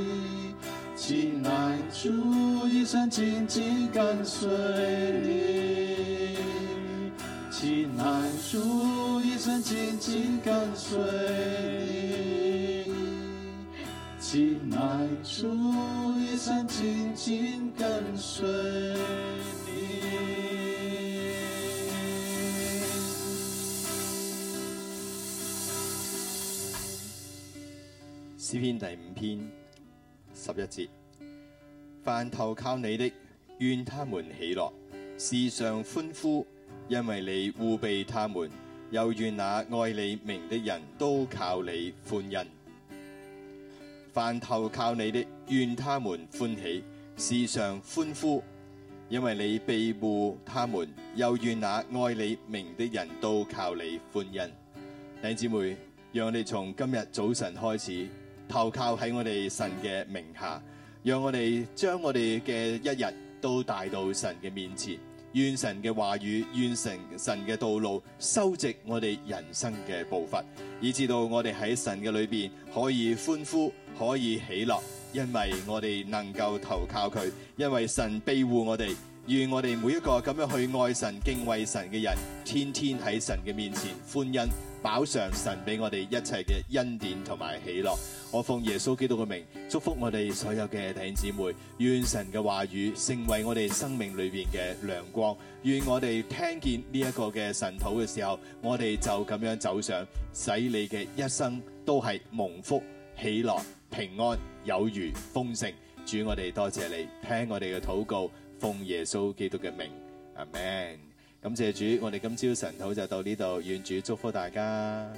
生緊緊跟隨你，情難除；一生緊緊跟隨你，情難除；一生緊緊跟隨你。詩篇第五篇十一節。凡投靠你的，願他們喜樂，時常歡呼，因為你護庇他們；又願那愛你名的人都靠你歡欣。凡投靠你的，願他們歡喜，時常歡呼，因為你庇護他們；又願那愛你名的人都靠你歡欣。弟兄姊妹，讓我哋從今日早晨開始，投靠喺我哋神嘅名下。讓我哋將我哋嘅一日都帶到神嘅面前，願神嘅話語，願神神嘅道路，修直我哋人生嘅步伐，以至到我哋喺神嘅裏邊可以歡呼，可以喜樂，因為我哋能夠投靠佢，因為神庇護我哋。願我哋每一個咁樣去愛神、敬畏神嘅人，天天喺神嘅面前歡欣飽嘗神俾我哋一切嘅恩典同埋喜樂。我奉耶穌基督嘅名，祝福我哋所有嘅弟兄姊妹。願神嘅話語成為我哋生命裏邊嘅亮光。願我哋聽見呢一個嘅神禱嘅時候，我哋就咁樣走上，使你嘅一生都係蒙福、喜樂、平安、有餘、豐盛。主，我哋多謝你聽我哋嘅禱告。奉耶穌基督嘅名，阿門。感謝主，我哋今朝晨禱就到呢度，願主祝福大家。